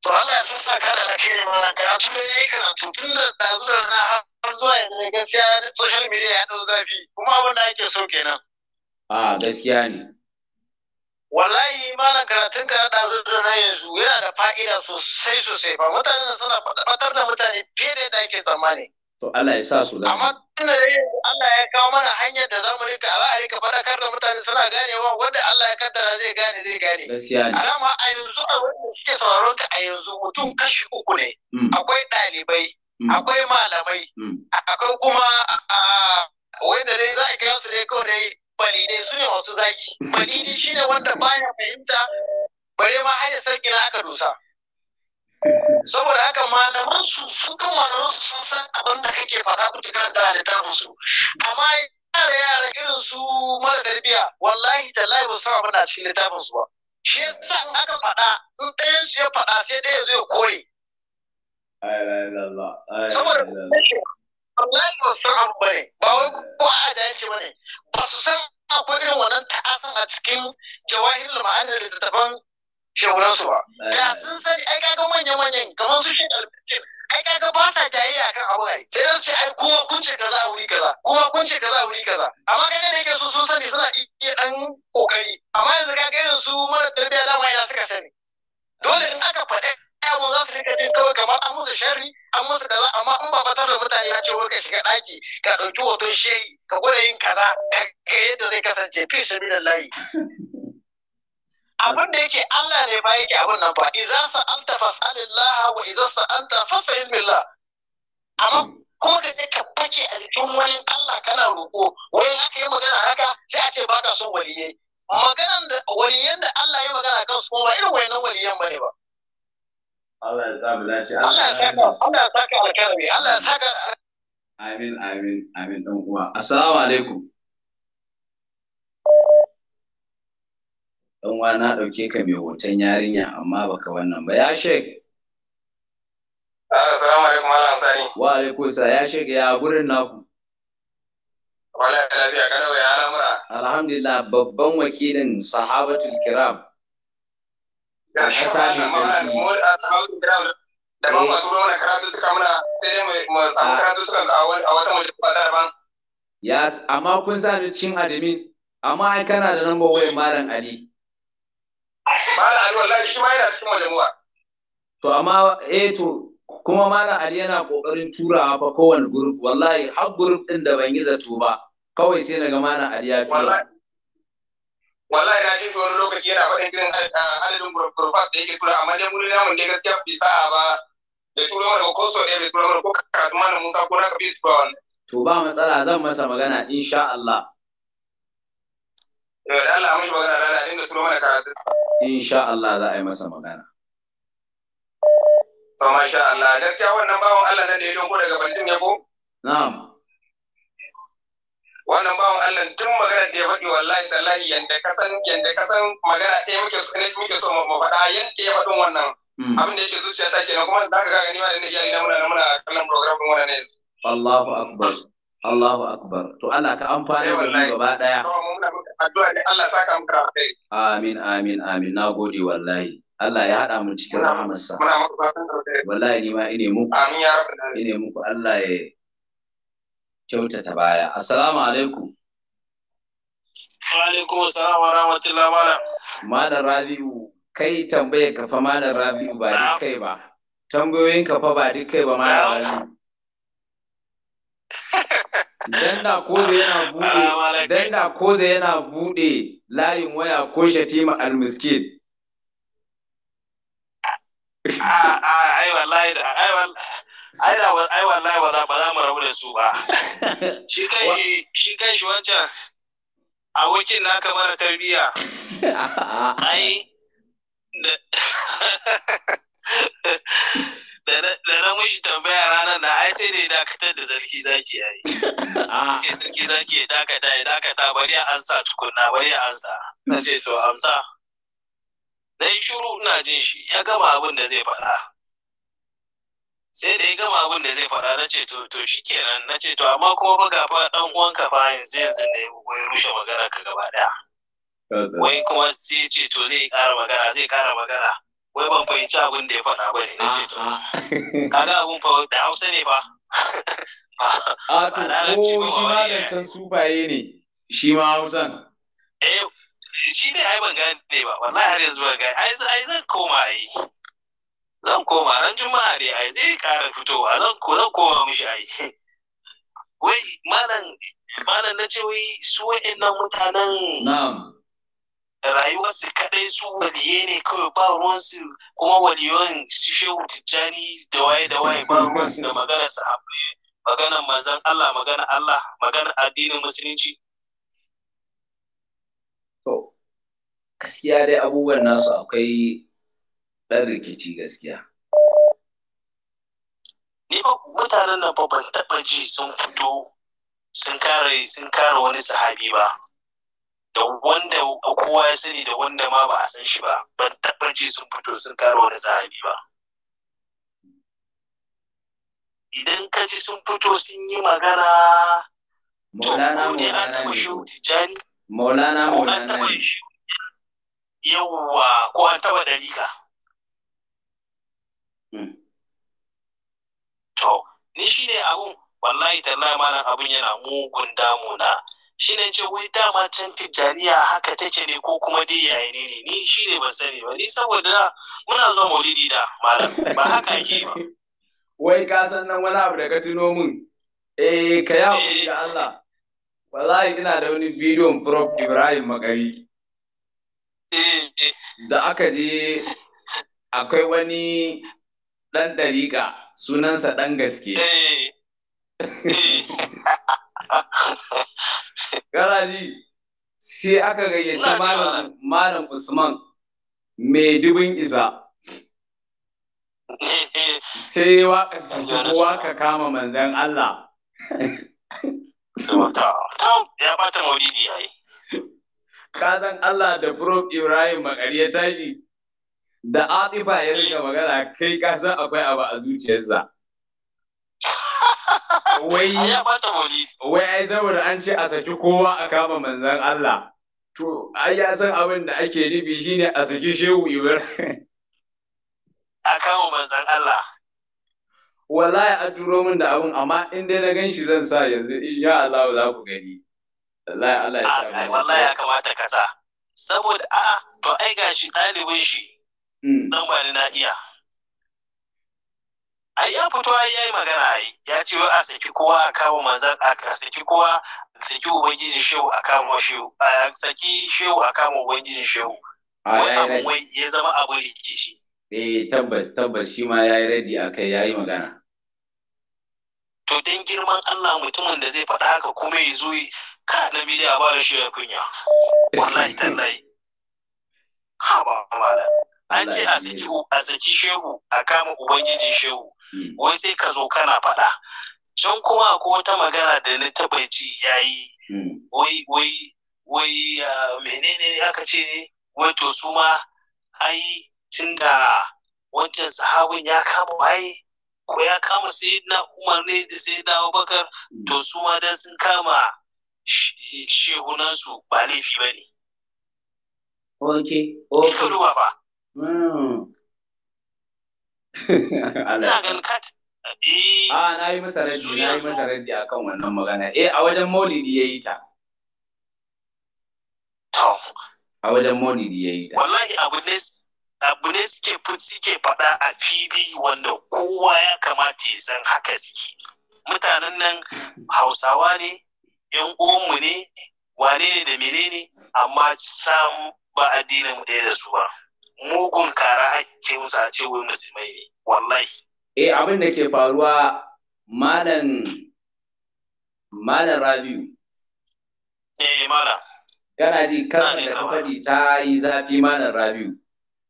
to Allah ya sassa ka da kake mana karatu da yayi karatu tun da dazu da na har zuwa yanzu gaskiya social media ya ɗau zafi kuma abin da ake so kenan A gaskiya ne. Wallahi malam karatun ka da zuwa na yanzu yana da fa'ida sosai sosai ba mutanen suna fatar da mutane fiye da yadda ake tsammani. To Allah ya sa su da. Amma tunda dai Allah ya kawo mana hanyar da zamu rika al'ari ka faɗakar da mutane suna ganewa wanda Allah ya kaddara zai gane zai gane. Gaskiya ne. Alama a yanzu a wanda suke sauraron ka a yanzu mutum kashi uku ne. Mm. Akwai ɗalibai. Mm. Akwai malamai. Mm. Akwai kuma a wanda dai za a kira su dai kawai balidai su ne masu zaki shi ne wanda baya fahimta bare ma har sarki na aka dosa saboda haka malaman su su kan malaman su sun san abin da kake faɗa kuke karanta da littafin su amma yara yara irin su mara garbiya wallahi lai ba su san abin da cikin littafin su ba shi yasa in aka faɗa in ɗayan su ya faɗa sai ɗaya zai kore saboda wallahi ba su san abu ne ba wai ko a da ba ne ba su san akwai irin wannan ta'asan a cikin jawahirul ma'ani da littattafan shehunansu ba. Eh. Da sun sani ai kaga manya-manyan kamar su shi ai kaga ba sa jayayya kan abu ai sai su ce ai kuma kun ce kaza a wuri kaza kuma kun ce kaza a wuri kaza amma kaga da yake su sun sani suna iya dan kokari amma yanzu kaga irin su mara tarbiyya dama ina suka sani dole in aka faɗa mun za su rika jin kawai kamar an musu sharri an musu kaza amma in ba fatar da mutane ya ce ka shiga ɗaki ka ɗauki hoton shehi ka gwada yin kaza ka yadda zai kasance fi su layi. abin da yake Allah ne ba yake abin nan ba idza sa'alta fas'alillah wa idza sa'alta fas'al billah amma kuma ka je ka fake a jikin wani Allah kana roƙo wai aka yi magana haka sai a ce baka son waliyai maganan da waliyan da Allah ya magana kan su kuma irin wayannan waliyan ne ba Allah ya sa mu dace. Allah ya saka Allah ya saka alkalami. Allah ya saka Amin amin amin dan uwa. Assalamu alaikum. Dan uwa na dauke ka mai hoton yarinya amma baka wannan ba ya shek. Ah, assalamu alaikum Allah sani. Wa alaikum sa ya shek ya gurin naku. Wallahi lafiya kada wa ya al'amura. Alhamdulillah babban wakilin sahabatul kiram da eh. ah. wata da ban ya amma kun sa ni cin adamin amma ai kana da number wayar malam ali malam ali wallahi shi ma yana cikin majmu'a to amma eh to kuma malam ali yana kokarin turawa fa kowane group wallahi har group da ban yi zato ba kawai sai naga malam ali ya tura wallahi na jefe wani lokaci yana faɗin irin adadin ah, gurbat da yake tura amma dai mun namun dai gaskiya bai sa'a ba da tura mana ko so ɗaya bai tura mana ko karatu mana Musa ko na ka bai tura wannan to ba matsala zan masa magana insha Allah eh, da Allah mishi magana da Allah dinga tura mana karatu insha Allah za a yi masa magana to masha Allah gaskiya wannan bawon Allah nan da ya dogo daga Bacin Yabo na'am wannan bawan Allah duk magana da ya faɗi wallahi tallahi yanda kasan yanda kasan magana ta muke so ne muke so mu faɗa yanda ya faɗin wannan hmm. abin da yake zuciya ta kenan kuma zaka ga gani ma da iyali na muna muna kallon program din wannan ne Allahu akbar Allahu akbar to Allah ka amfana da mu eh, gaba daya addu'a ne Allah saka mu kai amin amin amin nagode wallahi Allah ya haɗa mu cikin rahamarsa wallahi ni ma ine muku amin ya rabu. ine muku Allah ya kyautata baya assalamu alaikum wa alaikum assalam wa rahmatullah malam malam rabi'u kai tambaye ka fa malam rabi'u ba duk kai ba tambayoyin ka fa ba duk kai ba malam rabi'u dan da koze yana bude da yana bude layin waya ko shatima almiskin ah, ah, ai wallahi da ai wallahi ai da ai wallahi ba ba za mu rabu da su ba shi kai shi kai shi wancan abokin naka mara tarbiya ai da na mushi tambaya ranar na ai sai dai dakatar da sarki zaki yayi ce ah. sarki zaki ya dakata ya dakata bari ya ansa tukunna bari ya ansa na ce to amsa dan shiru ina jin shi ya gama abin da zai faɗa sai da ya gama abin da zai faɗa na ce to to shikenan na ce to amma ko ba gaba fa uwan ka fa yanzu yanzu ne ya rushe magana ka gaba daya wai kuma sai ce to zai ƙara magana zai ƙara magana wai ban fahimci abin da ya faɗa ba ne na ce to kaga abin fa da Hausa ne fa a to ko shi ma da san sufaye ne shi ma Hausan eh shi ne ai ban gane ba wallahi har yanzu ban gane ai zan koma ai zan koma ran juma'a dai ai zai ƙara fitowa zan ko zan koma mishi ai wai malam malam na ce wai su wa'annan mutanen na'am rayuwarsu kadai su waliye ne kawai ba su kuma waliyon su shehu tijjani da waye da waye ba su da magana su abu maganar manzan Allah magana Allah magana addinin musulunci to gaskiya dai abubuwan nasu akwai ɗan rikici gaskiya. Ni mutanen nan ba ban taɓa ji sun fito sun kare sun kare wani sahabi ba. Da wanda kowa ya sani da wanda ma ba a san shi ba, ban taɓa ji sun fito sun kare wani sahabi ba. Idan ka ji sun fito sun yi magana, Maulana Maulana ne. Maulana Maulana ne. Yawwa ko an taɓa dalika. Hmm. To, ni shi ne abun wallahi tallahi mana abin yana mugun damuna. Shi ne ce wai dama can tijjaniya haka take ne ko kuma dai yayi ne ne ni shi ne ban sani ba ni saboda muna zuwa maulidi da malam ba haka yake ba. Wai ka san nan wani abu da ka tuno min eh ka yi da Allah. Wallahi ina da wani bidiyon Prof Ibrahim Makari. Eh, eh. Da aka je akwai wani ɗan ɗariƙa sunansa ɗan gaske. Eh. Eh. Garaji sai aka gayyaci Malam Usman mai dubin isa. Sai waka waka kama manzan Allah. Ya bata maulidi yayi. Kazan Allah da Prof Ibrahim Makari ya tashi. da atifa ya riga magana kai ka san akwai abu a zuciyarsa wai ya bata wai ai saboda an ce a saki kowa a kama manzan Allah to ai ya san abin da ake nufi shine a saki shehu ibrahim a kama manzan Allah wallahi a turo min da abin amma in dai na gan shi zan sa yanzu insha Allah za ku gani wallahi Allah ya sa wallahi ya kamata ka sa saboda a to ai gashi ɗalibin shi dan hmm. bani na iya ai ya fito a yi magana yi, ya ce a saki kowa a kama manzan a saki kowa a saki shehu a kama shehu a saki shehu a kama shehu wai abu wai ya zama abun rikici eh tabbas tabbas shi ma a kai ya yi magana to dan girman Allah mutumin da zai faɗa haka kuma ya zo ka na bidiya ba da shi ya kunya wallahi tallahi ha ba malam an ce a saki shehu a kama ubangijin shehu hmm. wai sai ka zo kana faɗa can kuma ko wata magana da na taɓa ji ya yi. Hmm. wai wai wai ah, menene aka ce wai to su ma ai tunda wancan sahabin ya kama waye ko ya kama sai na umar ne da sai na abubakar hmm. to su ma dan sun kama shehunansu ba laifi ba ne. Ok, ok. duba ba. Hmm. A ah, na yi masa raddi, na yi masa raddi a kan wannan magana. Eh, a wajen maulidi ya yi ta. To. A wajen maulidi ya yi ta. Wallahi abu ne abu ne suke suke faɗa a fili wanda kowa ya kamata ya san haka suke. Mutanen nan Hausawa ne, ‘yan uwanmu ne, wane ne da menene, amma sam ba addinin mu ɗaya da su ba. mugun kara ake musu a ce wai musulmai ne wallahi eh abin da ke faruwa malam malam rabiu eh malam kana ji kalmar da kafadi ta yi zafi malam rabiu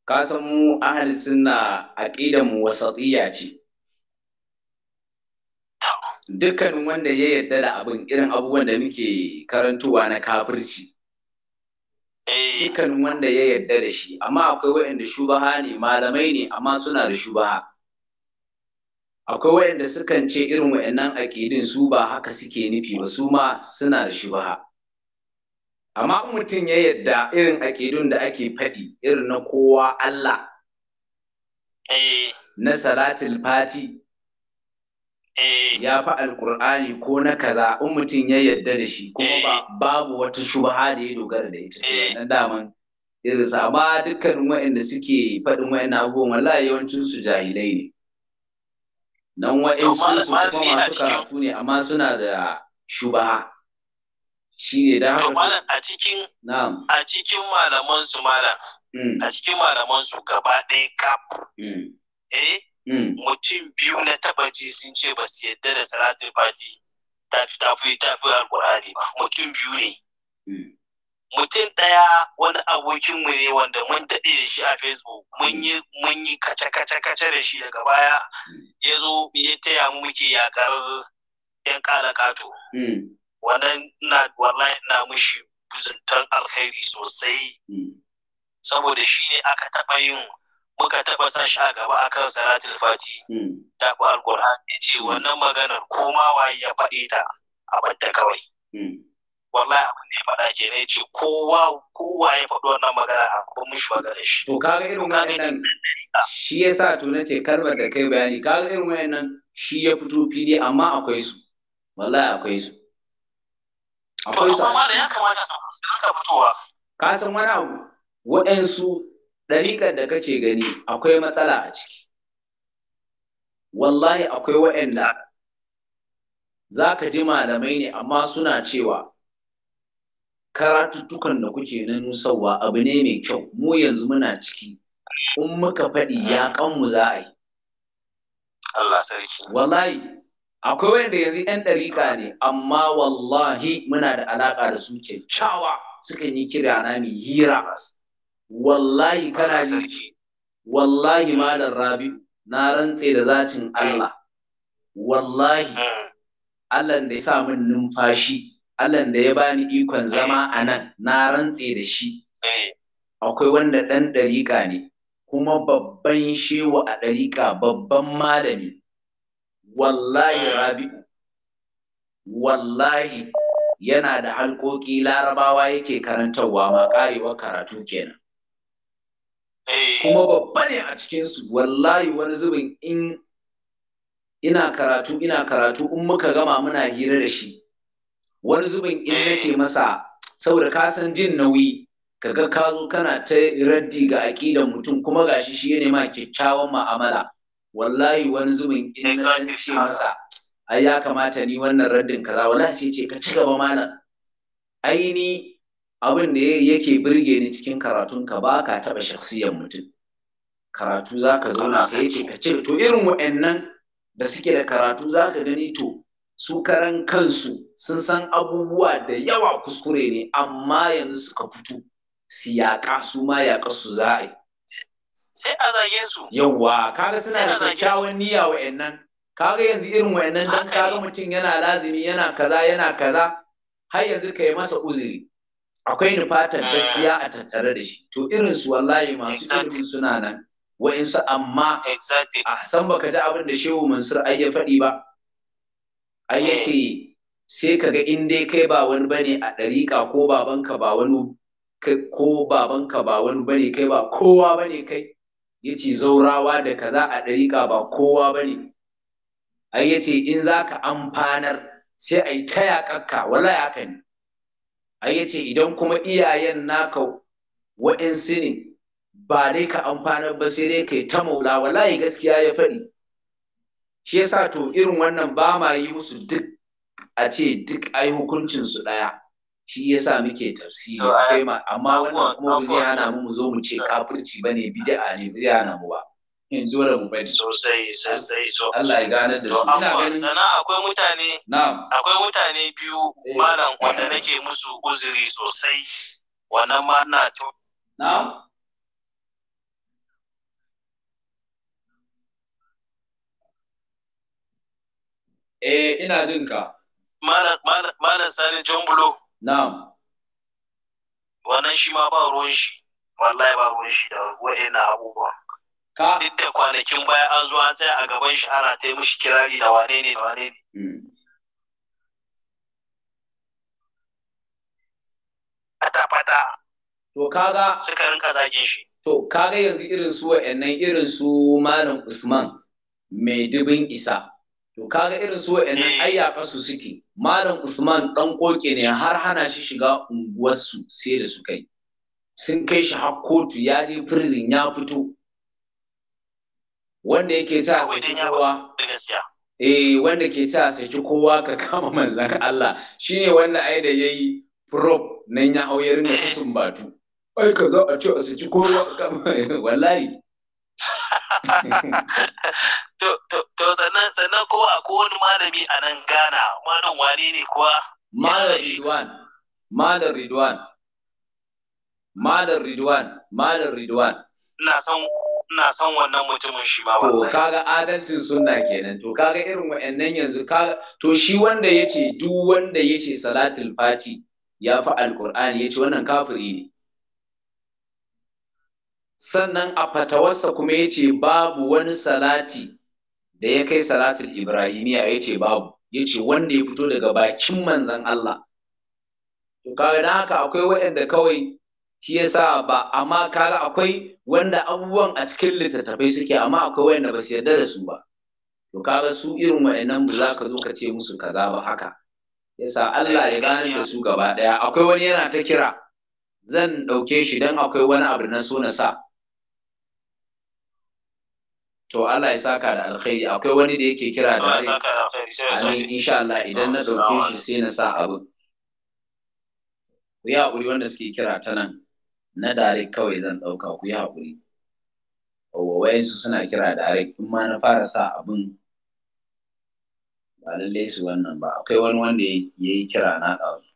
ka san mu ahli sunna aqidar mu wasatiyya ce dukkanin wanda ya yarda da abin irin abubuwan da muke karantowa na kafirci Eh. dukkanin wanda ya yarda da shi amma akwai waɗanda shubaha ne malamai ne amma suna da shubaha akwai waɗanda sukan ce irin waɗannan aƙidin su ba haka suke nufi ba su ma suna da shubaha amma mutum ya yarda irin aƙidun da ake faɗi irin na kowa Allah eh. na salatul fati Eh. ya fi alkur'ani ko na kaza in mutum ya yarda da shi kuma eh. babu wata shubha da ya dogara da ita eh. wannan daman irin sama dukkanin waɗanda suke faɗin waɗannan abubuwan wallahi yawancin su jahilai ne nan waɗansu su kuma masu karatu ne amma suna da shubaha shi ne da haka a cikin a cikin malaman su malam mm. a cikin malaman su gaba ɗaya kaf mm. eh Hmm. mutum biyu na taba ji sun ce ba su yadda da salatul fati ta fi ta fi ta fi alkur'ani ba mutum biyu ne hmm. mutum ɗaya wani abokinmu ne wanda mun daɗe da shi a facebook mun yi mun yi kace kace kace da shi daga baya hmm. ya zo ya taya mu muke yakar yan kato wannan na wallahi na mushi buzuntan alkhairi sosai saboda shi ne aka taɓa yin muka taɓa sa shi a gaba akan salatul fati hmm. ta fi alkur'an ya ce wannan maganar koma waye ya faɗe ta a banta kawai hmm. wallahi abin da ya faɗa ke ne ce kowa kowa ya faɗi wannan magana a kuma mishi magana shi to kaga irin wannan shi yasa to nace karbar da kai bayani kaga irin wannan shi ya fito fili amma akwai su wallahi akwai su akwai su amma ya kamata su ka fitowa ka san wani abu waɗansu ɗariƙar da kake gani akwai matsala a ciki wallahi akwai waɗanda za ka ji malamai ne amma suna cewa karatuttukan da kuke na nusarwa abu ne mai kyau mu yanzu muna ciki in muka faɗi ya kanmu za a yi wallahi akwai wanda yanzu yan ɗariƙa ne amma wallahi muna da alaƙa da su kyakkyawa sukan yi kira na mai hira wallahi kana sarki wallahi malam rabi na rantse da zatin Allah wallahi Allah da ya sa min numfashi Allah da ya bani ikon eh. zama a nan na rantse da shi eh. akwai wanda ɗan ɗariƙa ne kuma babban shewa a ɗariƙa babban malami wallahi eh. rabi wallahi yana da halƙoƙi larabawa yake karantarwa ma ƙarewar karatu kenan kuma babba ne a cikinsu wallahi wani zubin in ina karatu ina karatu in muka gama muna hira da shi wani zubin in na ce masa saboda ka san jin nauyi kaga ka zo kana ta raddi ga aƙidan mutum kuma gashi shi ne ma kyakkyawan ma'amala wallahi wani zubin in na ce masa ai ya kamata ni wannan raddin kaza wallahi sai ce ka ci gaba malam ai ni abin da yake birge ni cikin karatunka ba ka taɓa shaksiyar mutum karatu za ka zauna sai ce ka ce to irin wa'annan da suke da karatu za ka gani to su karan kansu sun san abubuwa da yawa kuskure ne amma yanzu suka fito su yaƙa su ma yaƙa su za a yi sai a zage su yawa kaga suna da kyakkyawan niyya wa'annan kaga yanzu irin wa'annan dan kaga mutum yana lazimi yana kaza yana kaza har yanzu ka yi masa uzuri akwai nufatar ah. gaskiya a tattare da shi to irin su wallahi masu irin suna nan wa'insu amma a san baka ji abin da shehu mansur ai ya faɗi ba ai ya ce sai kaga in dai kai ba wani bane a ɗariƙa ko babanka ba wani ko babanka ba wani bane kai ba kowa bane kai ya ce zaurawa da kaza a ɗariƙa ba kowa bane ai ya ce in za ka amfanar sai ai ta yaƙakka wallahi haka ne ai yace idan kuma iyayen naka wa'insu ne ba dai ka amfana ba sai dai kai ta maula wallahi gaskiya ya faɗi shi yasa to irin wannan ba ma yi musu duk a ce duk ai hukuncin su ɗaya shi yasa muke tafsiri amma wannan kuma ba zai hana mu mu zo mu ce kafirci bane bid'a ne zai hana mu ba endurable bai sosai sosai so Allah ya gane da su ina ganin sana akwai mutane akwai mutane biyu eh. malam wanda nake musu uzuri sosai wannan ma na to na'am eh ina jin ka malam malam sani jombulo na'am wannan shi ma ba ruwan shi wallahi ba ruwan shi da wa'ina abubuwa duk da kwanakin baya an zo an tsaya a gaban shi ana ta mishi kirari da wane ne da wane ne hmm. fata fata to kaga suka rinka zagin shi to kaga yanzu irin su wa'annan irin su malam usman mai dubin isa to kaga irin su wa'annan eh. ayyaka su suke malam usman dan koke ne har hana shi shiga unguwarsu sai da su kai sun kai shi har kotu ya je prison ya fito wanda yake sa saki kowa eh wanda ke sa saki kowa ka kama manzan Allah shine wanda ai da yayi prop nan ya hau ya da kusun eh. batu ai ka za a ce a saki kowa ka kama wallahi to sannan sannan ko a wani malami a nan Ghana malam wane ne kuwa malam Ridwan malam Ridwan malam Ridwan malam Ridwan ina son ina son wannan mutumin shi ma wallahi to kaga adalcin sunna kenan to kaga irin wayannan yanzu kaga to shi wanda yace duk wanda yace salatul fati ya fi alqur'ani yace wannan kafiri ne sannan a fatawarsa kuma yace babu wani salati da ya kai salatul ibrahimiya yace babu yace wanda ya fito daga bakin manzon Allah to kaga haka akwai wayanda kawai shi yasa ba amma kaga akwai wanda abubuwan a cikin littattafai suke amma akwai wanda ba su yarda da su ba to kaga su irin wa'annan ba za ka zo ka ce musu kaza ba haka yasa Allah ya gane da su gaba daya akwai wani yana ta kira zan dauke shi dan akwai wani abu na so na sa to Allah ya saka da alkhairi akwai wani da yake kira da amin insha Allah idan na dauke shi sai na sa abu ku yi wanda suke kira ta nan na direct kawai zan ɗauka ku yi haƙuri wayansu suna kira direct in ma na fara sa abin ba lallai su wannan ba akwai wani wanda ya yi kira na ɗazu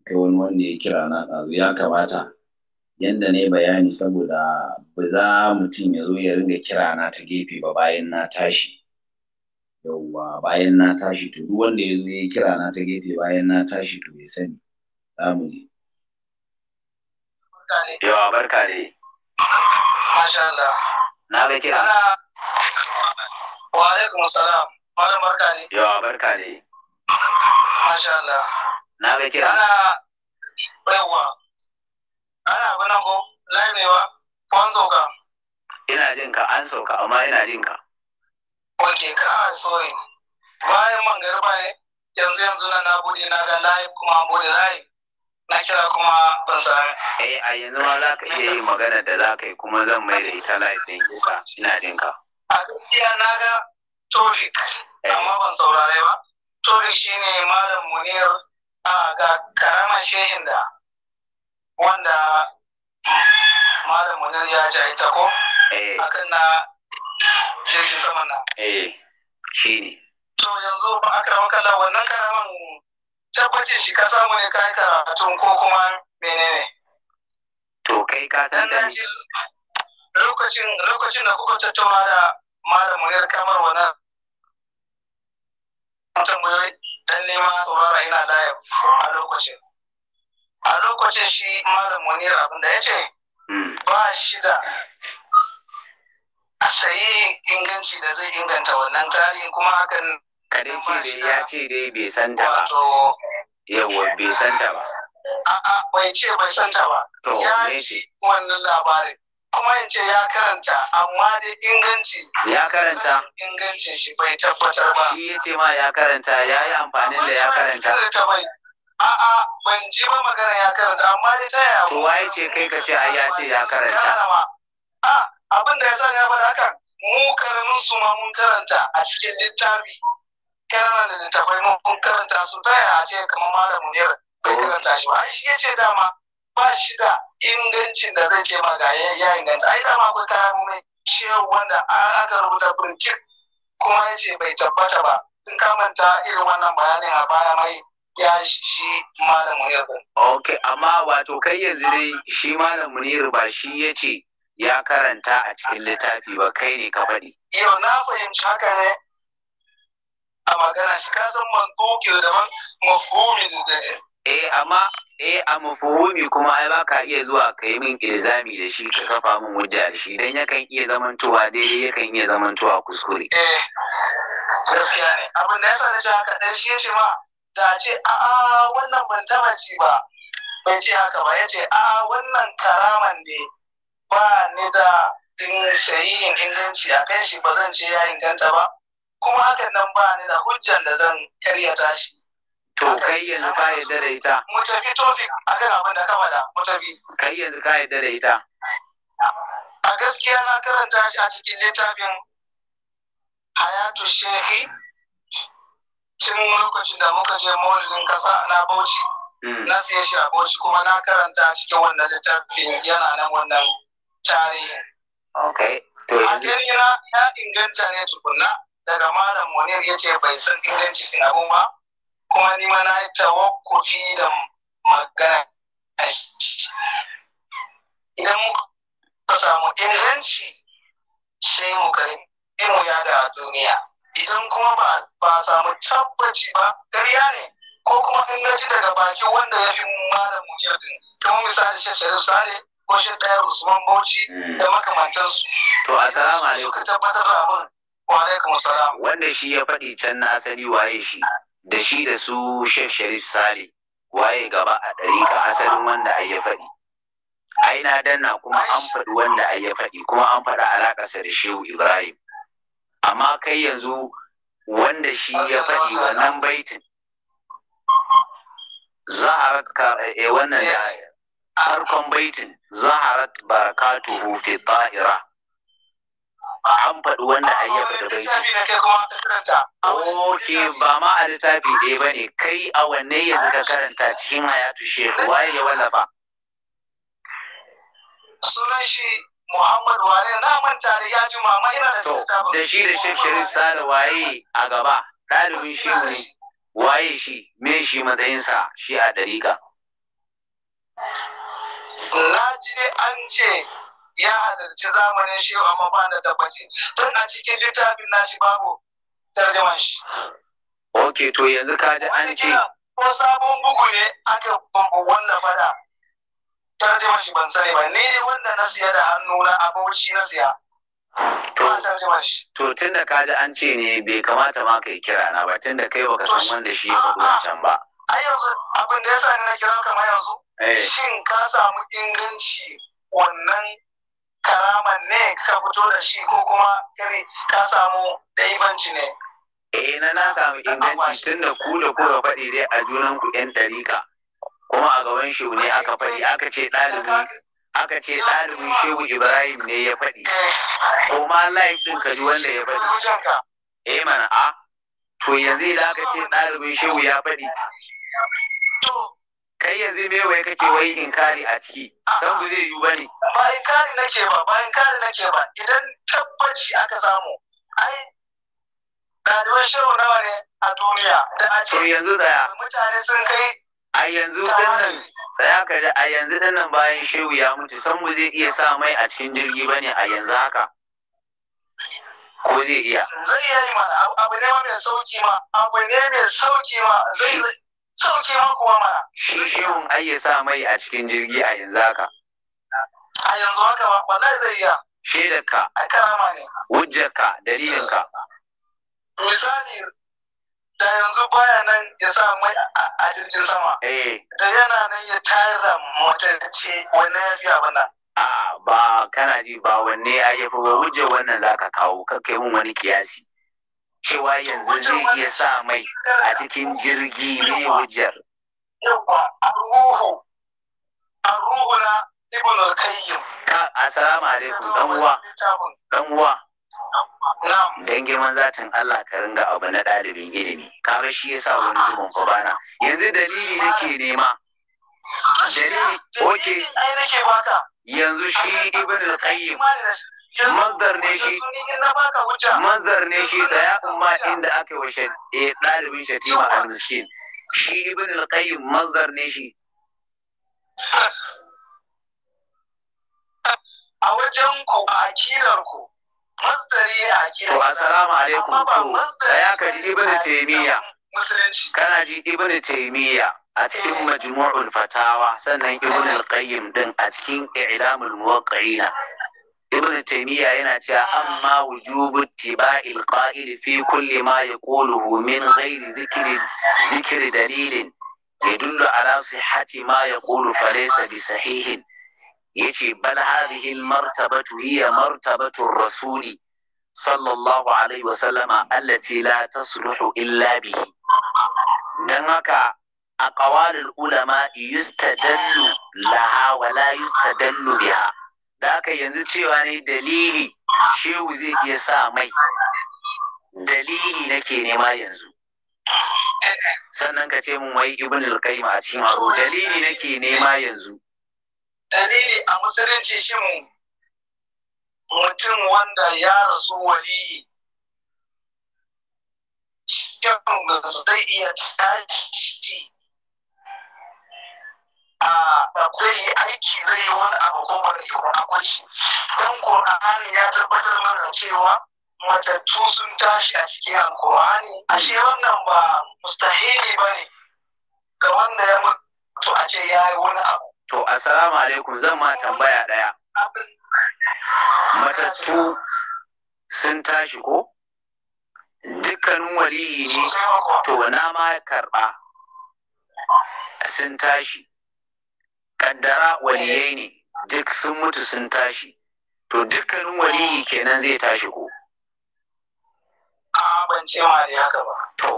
akwai wani wanda ya kira na ɗazu ya kamata yanda ne bayani saboda ba za mutum ya zo ya ringa kira na ta gefe ba bayan na tashi yauwa bayan na tashi to duk wanda ya zo ya kira na ta gefe bayan na tashi to ya sani za mu je Yawa barka ne. Masha Allah. Na ga kira. Wa alaikum salam. Malam barka ne. Yawa barka ne. Masha Allah. Na ga kira. Ana yawa. Ana abin ko ne wa? an sauka. Ina jin ka an sauka amma ina jin ka. Ok ka sorry. Bayan man garba ne yanzu yanzu na na bude na ga layi kuma an bude layi. na kira kuma ban sami. Eh a yanzu ma za ka iya yin magana da za ka yi kuma zan mai da ita live din isa ina jin ka. A gaskiya na ga topic eh. amma ban saurare ba. Topic shine Malam Munir a ga karaman shehin da wanda Malam Munir ya ji ita ko? Eh. Akan na jirgin saman nan. Eh shi ne. To yanzu ba a karamakala wannan karaman tabbace shi ka samu ne kai karatun ko kuma menene to kai ka san da lokacin lokacin da kuka tattauna da malamin yar kamar wannan tambayoyi dan neman saurara ina layin a lokacin a lokacin shi malam munir abin da ya ce hmm. ba shi da a sayi inganci da zai inganta wannan tarihin kuma hakan kare ce dai ya ce dai bai san ta ba yawa bai san ta ba a'a bai ce bai san ta ba ya ce wannan labarin kuma ya ce ya karanta amma dai inganci ya karanta ingancin shi bai tabbatar ba shi ya ce ma ya karanta ya yi amfanin da ya karanta a'a ban ji ba magana ya karanta amma dai ta yaya to waye ce kai ka ce ai ya ce ya karanta a ah, abin da ya sa na faɗa hakan mu karamin su ma mun karanta a cikin littafi kalmar da littafai mun karanta su ta yaya ce kamar malam munir bai oh. karanta shi ba Ai shi ya ce dama ba shi da ingancin da zai ce ma ga ya inganta ai dama akwai karamu mai shehu wanda aka rubuta bincik kuma ya ce bai tabbata ba in kamanta irin wannan bayanin a baya mai ya shi malam munir ok amma wato kai yanzu dai shi malam munir ba shi ya ce ya karanta a cikin littafi ba kai ne ka faɗi. Yau na fahimci haka ne a magana shi ka san da daban mafhumi da eh amma eh a mafhumi kuma ai ba ka iya zuwa ka yi min ilzami da shi ka kafa min hujja da shi dan yakan iya tuwa daidai yakan iya tuwa kuskure eh gaskiya ne abin da ya na shi haka dan shi shi ma da ce a a wannan ban taba ci ba bai ce haka ba yace a wannan karaman ne ba ni da in sayi inganci a kan shi ba zan ce ya inganta ba kuma hakan nan ba ni da hujjan da zan karyata shi to kai yanzu ka yarda da ita mu tafi topic akan abin da kama da mu tafi kai yanzu ka yarda da ita a gaskiya na karanta shi a cikin littafin hayatu shehi tun lokacin da muka je maulidin kasa na bauchi hmm. na siya shi a bauchi kuma na karanta cikin wannan littafin yana nan wannan tarihin Okay. To A gani na ya inganta ne tukunna. daga malam munir ya ce bai san ingancin abun ba kuma ni ma na yi tawakkufi da magana idan muka samu inganci sai mu karbi mu ya ga duniya idan kuma ba a samu tabbaci ba ƙarya ne ko kuma inganci daga baki wanda ya fi malam munir din kuma misali shari'a sale ko shi ɗaya usman bauchi hmm. da makamantansu to assalamu alaikum ka tabbatar da abin Wanda shi ya faɗi can na sani waye shi, da shi da su Sheikh Sharif Sale, waye gaba a ɗari ga asalin wanda ai ya faɗi. Ai na danna kuma an faɗi wanda ai ya faɗi, kuma an faɗi alaƙarsa da Shehu Ibrahim. Amma kai yanzu wanda shi ya faɗi wannan baitin. Zaharat ka eh, wannan harkon eh, baitin, Zaharat barakatuhu fi ta'ira. an faɗi wanda a yi faɗi bai ok ba ma a littafi ɗaya ba ne kai a wanne yanzu ka karanta cikin hayatu shehu waye ya wallafa sunan shi Muhammad Wale na manta da ya ji mama ina da littafin da shi da Sheikh Sharif Sale waye a gaba ɗalibin shi ne waye shi me shi matsayinsa shi a dariƙa na ji an ce ya halarci zamanin shi amma ba na tabbaci tun a cikin littafin nashi babu tarjaman shi ok to yanzu ka ji an ce ko sabon bugu ne aka bugu wanda fada tarjaman shi ban sani ba ni ne wanda na siya da hannu na abubuci na siya To tun da kaji an ce ne bai kamata ma kai kira na ba tun da kai baka san wanda shi ya faɗi wancan ba. Ai yanzu abin da ya sa ni na kira kamar yanzu. Eh. Shin ka samu inganci wannan karaman ne ka fito da shi ko kuma kare ka samu daibanci ne eh na na samu inganci tun da ku da kuka faɗi dai a junan ku yan ɗarika kuma a gaban shehu ne aka faɗi aka ce ɗalibin aka ce ɗalibin shehu ibrahim ne ya faɗi eh. ko ma live ɗin ka ji wanda ya faɗi eh mana a to yanzu idan aka ce ɗalibin shehu ya faɗi kai yanzu me wai kake wai in kare a ciki san bu zai yiwu bane ba in kare nake ba ba in kare nake ba idan tabbaci aka samu ai dalibai shehu nawa ne a duniya da a ce yanzu tsaya mutane sun kai a yanzu dinnan tsaya ka da a yanzu dinnan bayan shehu ya mutu san bu zai iya sa mai a cikin jirgi bane a yanzu haka ko zai iya zai iya yi mana abu ne mai sauki ma abu ne mai sauki ma zai saukewa kuwa mana shi shehun ai ya sa mai a cikin jirgi a yanzu haka a yanzu haka ba wallahi zai iya shaidarka ai karama ne hujjarka dalilinka misali da yanzu baya nan ya sa mai a jirgin sama eh. da yana nan ya tara mutacce wani ya fi abin nan ba kana ji ba wanne ya yi fi hujjar wannan zaka kawo kai mun wani kiyasi cewa yanzu zai iya sa mai a cikin jirgi ne wujar. Yawwa, ruhu, Assalamu alaikum dan uwa. Dan uwa. zatin Allah ka ringa abu na ɗalibin ilimi. Kaga shi yasa wani zubin ko bana. Yanzu dalili nake nema. Dalili, oke. Yanzu shi Ibn al-Qayyim. mazdar ne shi mazdar ne shi tsaya umma inda aka yi wa eh, ɗalibin shatima al-miskin shi ibn al-qayyim mazdar ne shi a wajen ku a akilar ku masdari a akilar to assalamu alaikum to tsaya ka ji ibn taymiya kana ji ibn taymiya a cikin majmu'ul fatawa sannan ibn al-qayyim din a cikin i'lamul muwaqqi'ina ibn taymiya yana cewa amma wujubu tiba'il qa'il fi kulli ma yaquluhu min gairi zikiri dalilin, ya yadullu ala sihhati ma ya yaqulu falaysa bi sahihin yace bal hadhihi al martabatu hiya martabatu rasuli sallallahu alaihi wa sallama allati la tasluhu illa bihi dan haka a aqwalul ulama yustadallu laha wa la yustadallu biha da aka yanzu cewa ne dalili shehu zai iya sa mai dalili nake nema yanzu sannan ka ce mun wai ibn al-qayyim a cikin aro dalili nake nema yanzu dalili a musulunci shi mu mutum wanda ya rasu waliyi shan da zai iya tashi zai yi aiki zai yi wani abu ko ba zai ba akwai shi don Qur'ani ya tabbatar mana cewa matattu sun tashi a cikin alkur'ani ashe wannan ba mustahili ba ne ga wanda ya mutu a ce ya yi wani abu to assalamu alaikum zan ma tambaya ɗaya. matattu sun tashi ko dukkanin waliyi ne to na ma karɓa sun tashi kaddara waliyai ne duk sun mutu sun tashi to dukkanin waliyi kenan zai tashi ko a ban ce ma da haka ba to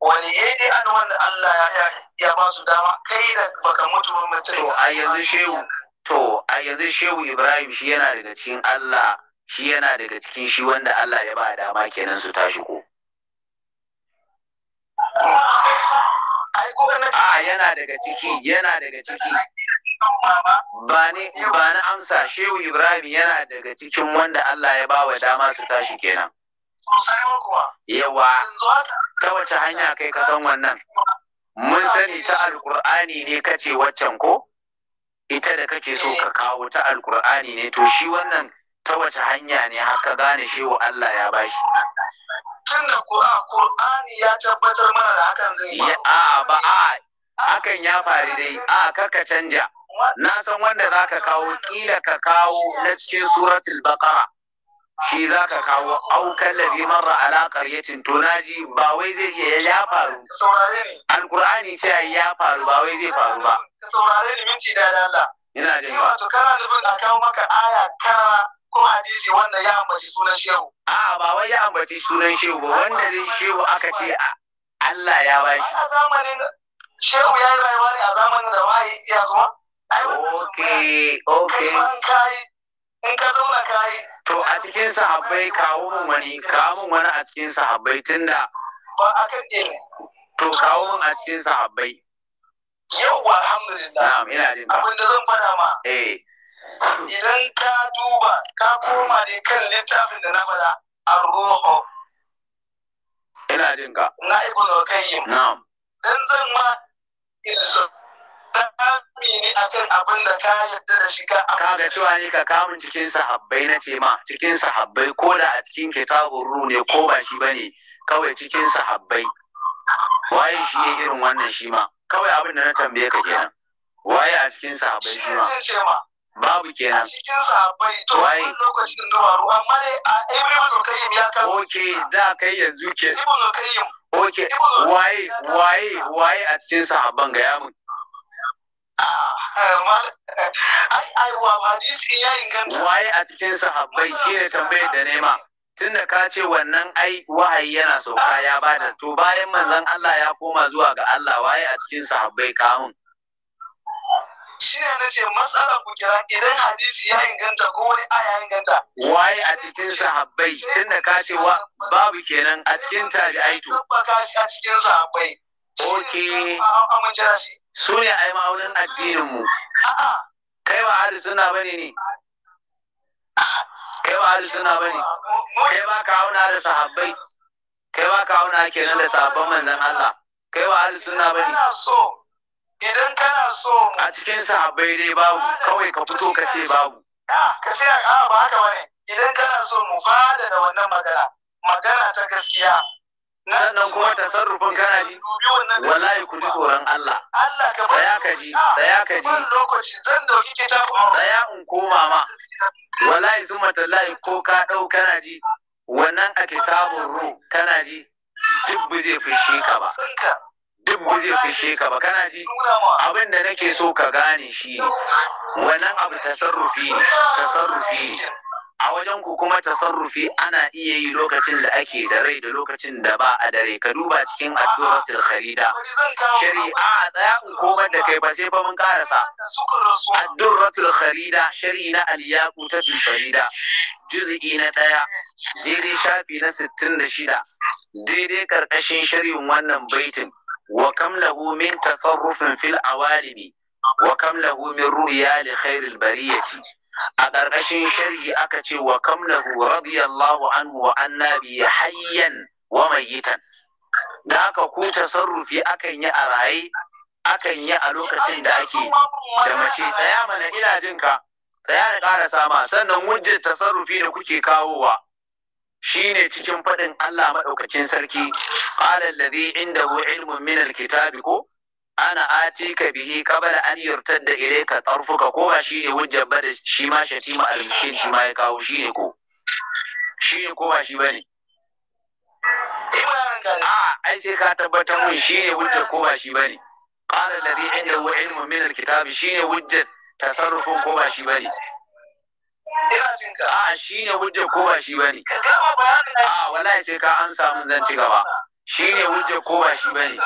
waliyai dai an wanda Allah ya ya ba su dama kai da baka mutu ba mutum to a yanzu shehu to a yanzu shehu Ibrahim shi yana daga cikin Allah shi yana daga cikin shi wanda Allah ya ba dama kenan su tashi ko a yana daga ciki yana daga ciki ba na amsa shehu ibrahim yana daga cikin wanda Allah ya bawa dama su tashi kenan yawa ta wace hanya kai ka san wannan mun sani ta alkur'ani ne kace waccan ko ita da kake so ka kawo ta Alƙur'ani ne to shi wannan ta wace hanya ne haka gane shi wa Allah ya bashi tun da Qur'ani ya tabbatar mana da hakan zai ba a ba a hakan ya faru dai a kaka canja na san wanda za ka kawo kila ka kawo na cikin suratul baqara shi za ka kawo aukan ladhi marra ala qaryatin to ji ba wai zai iya ya faru alqur'ani ce ya faru ba wai zai faru ba saurare ni minti da Allah ina jin ba to kana nufin a kawo maka aya kara ko hadisi wanda ya ambaci sunan shehu a ba wai ya ambaci sunan shehu ba wanda dai shehu aka ce Allah ya ba shi a zamanin shehu ya yi rayuwa ne a zamanin da wahayi iya zuwa okay okay in ka zauna ka yi to a cikin sahabbai kawo mun wani kawo mun wani a cikin sahabbai tunda ba akan ilimi to kawo mun a cikin sahabbai yawwa alhamdulillah na'am ina jin abin da zan faɗa ma eh idan ka duba ka koma ne kan littafin da na faɗa a ruhu ina jin ka na ibnu kai yi na'am dan zan ma ilzami ne akan abin da ka yarda da shi ka ga cewa ne ka kamun cikin sahabbai na ce ma cikin sahabbai ko da a cikin kitabun ruhu ne ko ba shi bane kawai cikin sahabbai waye shi ne irin wannan shi ma kawai abin da na tambaye ka kenan waye a cikin sahabbai shi ma babu kenan cikin sahabbai to lokacin a qayyim ya kan da kai yanzu ke ibnu qayyim okay waye waye waye a cikin sahabban ga yamu ah, eh, eh, ai ai wa hadisi waye a cikin sahabbai shine tambayar da nema tunda ka ce wannan ai wahayi yana sauka ya bada to bayan manzon Allah ya koma zuwa ga Allah waye a cikin sahabbai kawun shine na ce matsala ku kira idan hadisi ya inganta ko wani aya ya inganta waye a cikin sahabbai tunda ka ce wa babu kenan a cikin tabi'ai to a cikin sahabbai okay su ne a yi ma'aunin addinin mu kai ba ahli sunna bane ne kai ba ahli sunna bane kai ba ka auna da sahabbai kai ba ka kenan da sahabban manzan Allah kai ba ahli sunna bane so idan kana so a cikin sahabbai dai babu kawai ka fito ka ce babu ah, ka sai a ah, ba haka bane idan kana so mu fada da wannan magana magana ta gaskiya sannan kuma tasarrufin kana ji wallahi ku ji tsoron Allah saya ka ji saya ka ji saya in koma ma wallahi zuma tallahi ko ka dau kana ji wannan a kitabun ru kana ji duk zai fushi ka ba duk ba zai fishe ka ba kana ji abin da nake so ka gane shi wannan abu tasarrufi ne tasarrufi ne a wajen ku kuma tasarrufi ana iya yi lokacin da ake da rai da lokacin da ba a da rai ka duba cikin addu'atul kharida shari'a tsaya in komar da kai ba sai fa mun karasa addu'atul kharida shari'a na al-yaqutatul farida juz'i na daya daidai shafi na sittin da shida daidai karkashin shari'in wannan baitin wa kam lahu min tasarrufin fil awalimi wa kam lahu min ru'ya li khairil bariyati a ƙarƙashin sharhi aka ce wa kam lahu radiyallahu anhu wa annabi hayyan wa da haka ku tasarrufi akan yi a raye akan yi a lokacin da ake da mace tsaya mana ina jinka tsaya da ƙara sama sannan wujjar tasarrufi da kuke kawowa shine cikin faɗin Allah maɗaukacin sarki qala alladhi indahu ilmun min kitabi ko ana atika bihi qabla an yurtadda ilayka tarfuka ko ba ne hujjar ba da shi ma shatima almiskin shi ma ya kawo ne ko ne ko ba shi ne? a ai sai ka tabbatar mun ne hujjar ko ba shi ba bane qala alladhi indahu ilmun min shi ne hujjar tasarrufin ko ba shi ba ne. ina jin ka a shi ne hujja ko ba shi ba. ka gama bayanin a wallahi sai ka amsa mun zan ci gaba shi ne hujja ko ba shi bane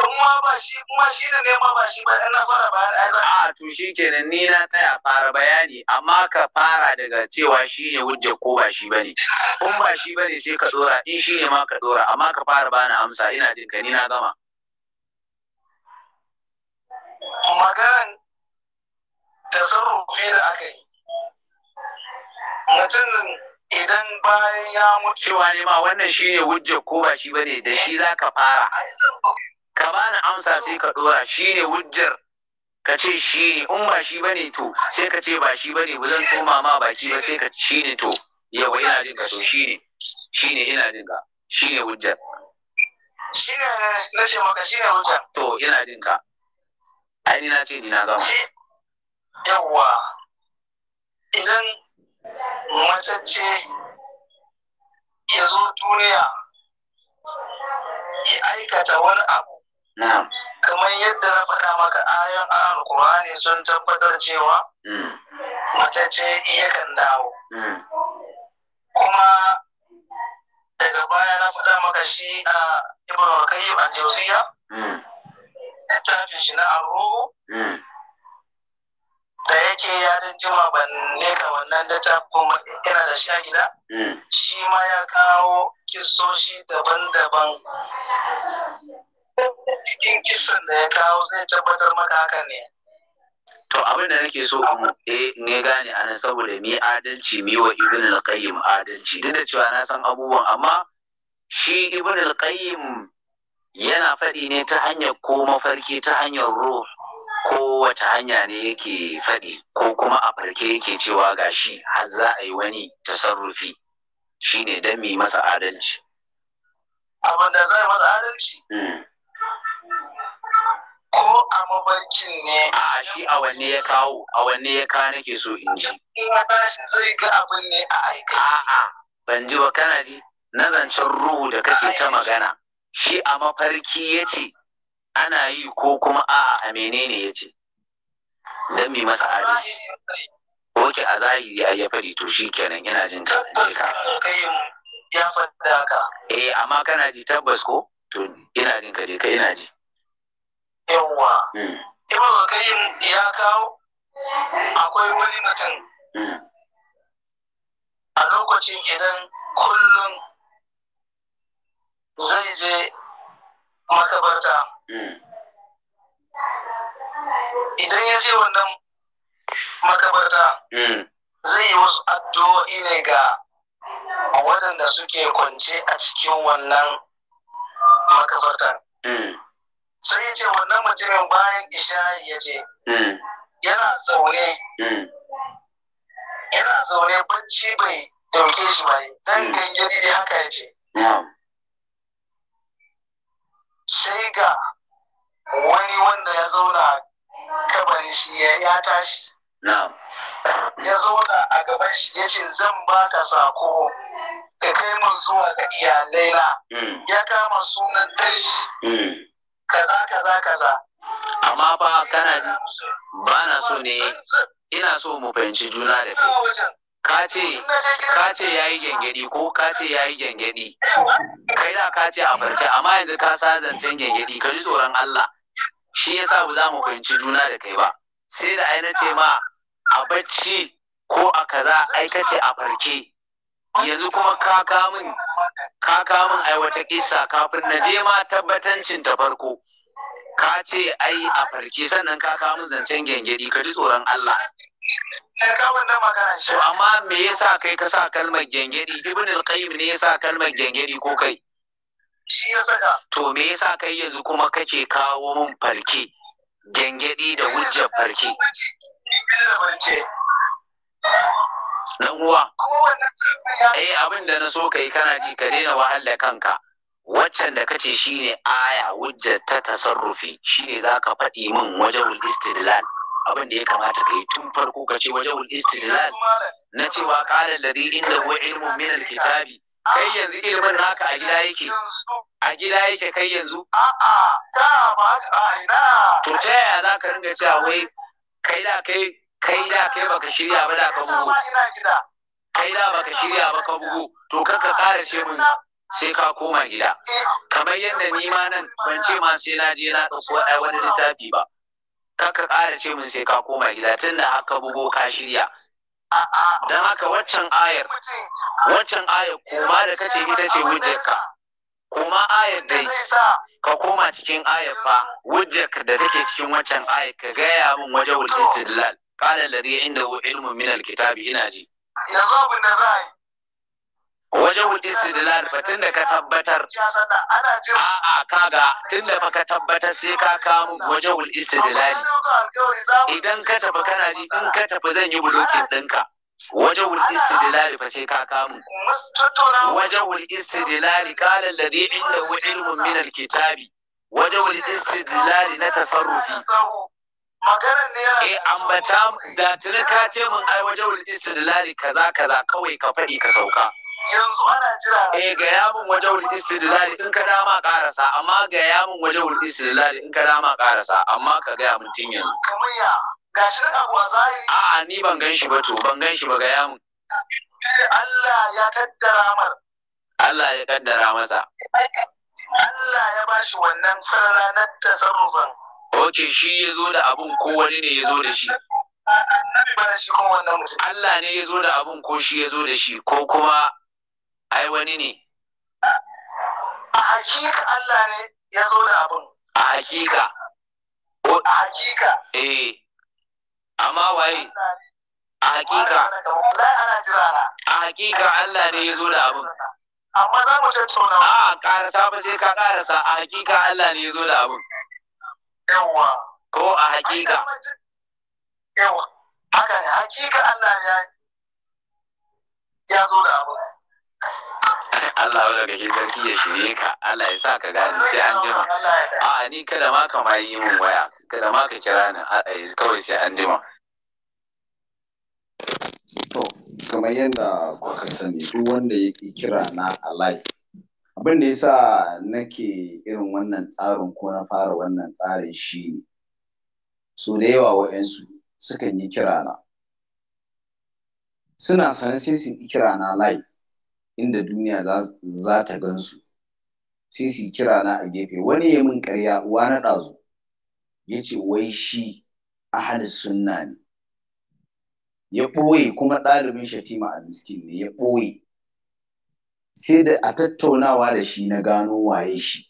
kuma ba shi kuma shi ne ma ba shi ba ina fara bayani a to shi kenan ni na tsaya fara bayani amma ka fara daga cewa shi ne hujja ko ba shi bane kun ba shi bane sai ka dora in shi ne ma ka dora amma ka fara bani amsa ina jin ka ni na gama maganan tasarrufi da aka yi mutum idan bayan ya mutu cewa ne ma wannan shi ne hujjar ko ba shi ba ne da shi za ka fara ka bani amsa sai ka ɗora shi ne hujjar ka ce shi ne in ba shi ba ne to sai ka ce ba shi ba ne ba zan koma ma baki ba sai ka shi ne to yawa ina jin ka to shi ne shi ne ina jin ka shi ne hujjar shi ne na ce maka shi ne hujjar to ina jin ka ai ni na ce ni na gama yawa idan matacce ya zo duniya ya aikata wani abu kamar yadda na faɗa maka ayan alkur'ani sun tabbatar cewa mm. matacce yakan dawo mm. kuma daga baya na faɗa maka shi a ibn al a al ya littafin shi na arruhu mm. da yake ya jima ban leka wannan littafin yana da shi a gida hmm. shi ma ya kawo kisoshi daban-daban cikin kisan da ya kawo zai tabbatar maka haka ne to abin da nake so eh, ne gane anan saboda mi adalci mi wa ibn al-qayyim adalci duk da cewa na san abubuwan amma shi ibn al-qayyim yana faɗi ne ta hanyar ko mafarki ta hanyar ruh kowace hanya ne yake faɗi ko kuma a farke yake cewa gashi har za a yi wani tasarrufi shine don mai masa adalci abin da zai masa adalci hmm. ko a mabarkin ne a shi a wanne ya kawo a wanne ya kawo nake so in ji Ina ya tashi zai ga abin ne a aika a'a ban ji ba kana ji na zancen ruhu da kake ta magana shi a mafarki ya ce ana yi ko kuma a'a a menene ya ce don mai masa adalci oke a zahiri a ya faɗi to shi kenan yana jin ka ya faɗa ka eh amma kana ji tabbas ko to ina jin ka je ka ina ji yawwa hmm. ibn qayyim ya kawo akwai wani mutum hmm. a lokacin idan kullum zai je makabarta idan ya je wannan makabarta hmm. zai yi wasu addu'o'i ne ga waɗanda suke kwance a cikin wannan makabarta. Hmm. sai ya ce wannan mutumin bayan isha ya ce hmm. yana zaune yana zaune bacci bai dauke shi ba dan gangani dai haka ya ce sai ga wani wanda ya zauna gaban shi ya tashi ya zauna a gaban shi ya ce zan baka sako ka kai mun zuwa ga iyalaina hmm. ya kama sunan ɗan shi hmm. kaza kaza kaza amma ba kana ba na so ne ina so mu fahimci juna da kai ka ce ya yi gyangyaɗi ko ka ce ya yi gyangyaɗi kai da ka ce a farke amma yanzu ka sa zancen gyangyaɗi ka ji tsoron Allah shi yasa ba za mu fahimci juna da kai ba sai da ai ce ma a bacci ko a kaza ai kace a farke yanzu kuma ka kamun ka min ai wata kissa kafin na je ma tabbatancin ta farko ka ce ai a farke sannan ka min zancen gengedi ka ji tsoron Allah To amma me yasa kai ka sa kalmar gengedi ibn al-qayyim ne yasa kalmar gengedi ko kai shi ya saka to me yasa kai yanzu kuma kake kawo mun farke? gengedi da hujjar farke. dan uwa eh abin da na so kai kana ji ka daina wahal da kanka waccan da kace shine aya hujjar ta tasarrufi shine zaka faɗi min wajahul istidlal abin da ya kamata ka yi tun farko ka ce wajahul istidlal na cewa qala alladhi huwa ilmun min alkitabi kai yanzu ilimin naka a gida yake a gida yake kai yanzu a'a ba ina to ta yaya za ka ringa cewa wai kai da kai kai da kai baka shirya ba da ka bugu kai da baka shirya ba ka bugu to kan ka ƙara ce mun sai ka koma gida eh. kamar yadda ni ma nan ban ce ma sai na je na ɗauko wani littafi ba kan ka ƙara ce mun sai ka koma gida tunda haka bugo ka shirya don haka waccan ayar waccan ayar kuma da kace ita ce hujjarka kuma ayar dai ka koma cikin ayar fa hujjarka da take cikin waccan ayar ka gaya min waje wal istidlal qala alladhi indahu ilmu min alkitabi ina ji yanzu abin da za a yi wajen hudin sidilar ba tun da ka tabbatar a'a kaga tun da baka tabbatar sai ka kamu wajen hudin istidlali idan ka tafi kana ji in ka tafi zan yi bulokin ɗinka wajen hudin istidlali ba sai ka kamu wajen hudin istidlali kalan ladhi indahu ilmun min alkitabi wajen hudin istidlali na tasarrufi ne yana eh ambata da tuni ka ce mun ai wajen istidlali kaza kaza kawai ka faɗi ka sauka yanzu ana jira eh ga yamin wajawul istidlali in ka dama karasa amma ga yamin wajawul istidlali in ka dama karasa amma ka ga yamin tin yanzu kamar ya gashi nan abu zahiri a'a ni ban gan shi ba to ban gan shi ba ga yamin Allah ya kaddara mar Allah ya kaddara masa Allah ya bashi wannan farra tasarrufan Oke shi ya zo da abun ko wani ne ya zo da shi. Allah ne ya zo da abun ko shi ya zo da shi ko kuma ai wani ne a hakika Allah ne ya zo da abin a hakika a hakika eh amma waye a hakika a hakika Allah ne ya zo da abin amma za mu tattauna a karasa ba sai ka karasa a hakika Allah ne ya zo da abin yawa ko a hakika yawa haka ne hakika Allah ne ya zo da abin Allah wanda ga sarki ya shirye ka Allah ya sa ka gane sai an jima a ni kada ma ka ma yi min waya kada ma ka kira ni kawai sai an jima to kamar yadda kuka sani duk wanda ya kira na a live abin da yasa nake irin wannan tsarin ko na fara wannan tsarin shine so da yawa wa'yansu sukan yi kira na suna san sai su kira na live inda duniya za ta gansu sai su kira na a gefe wani ya min karya uwa na ɗazu ya ce wai shi ahal sunna ne ya ɓoye kuma ɗalibin shatima a miskin ne ya ɓoye sai da a tattaunawa da shi na gano waye shi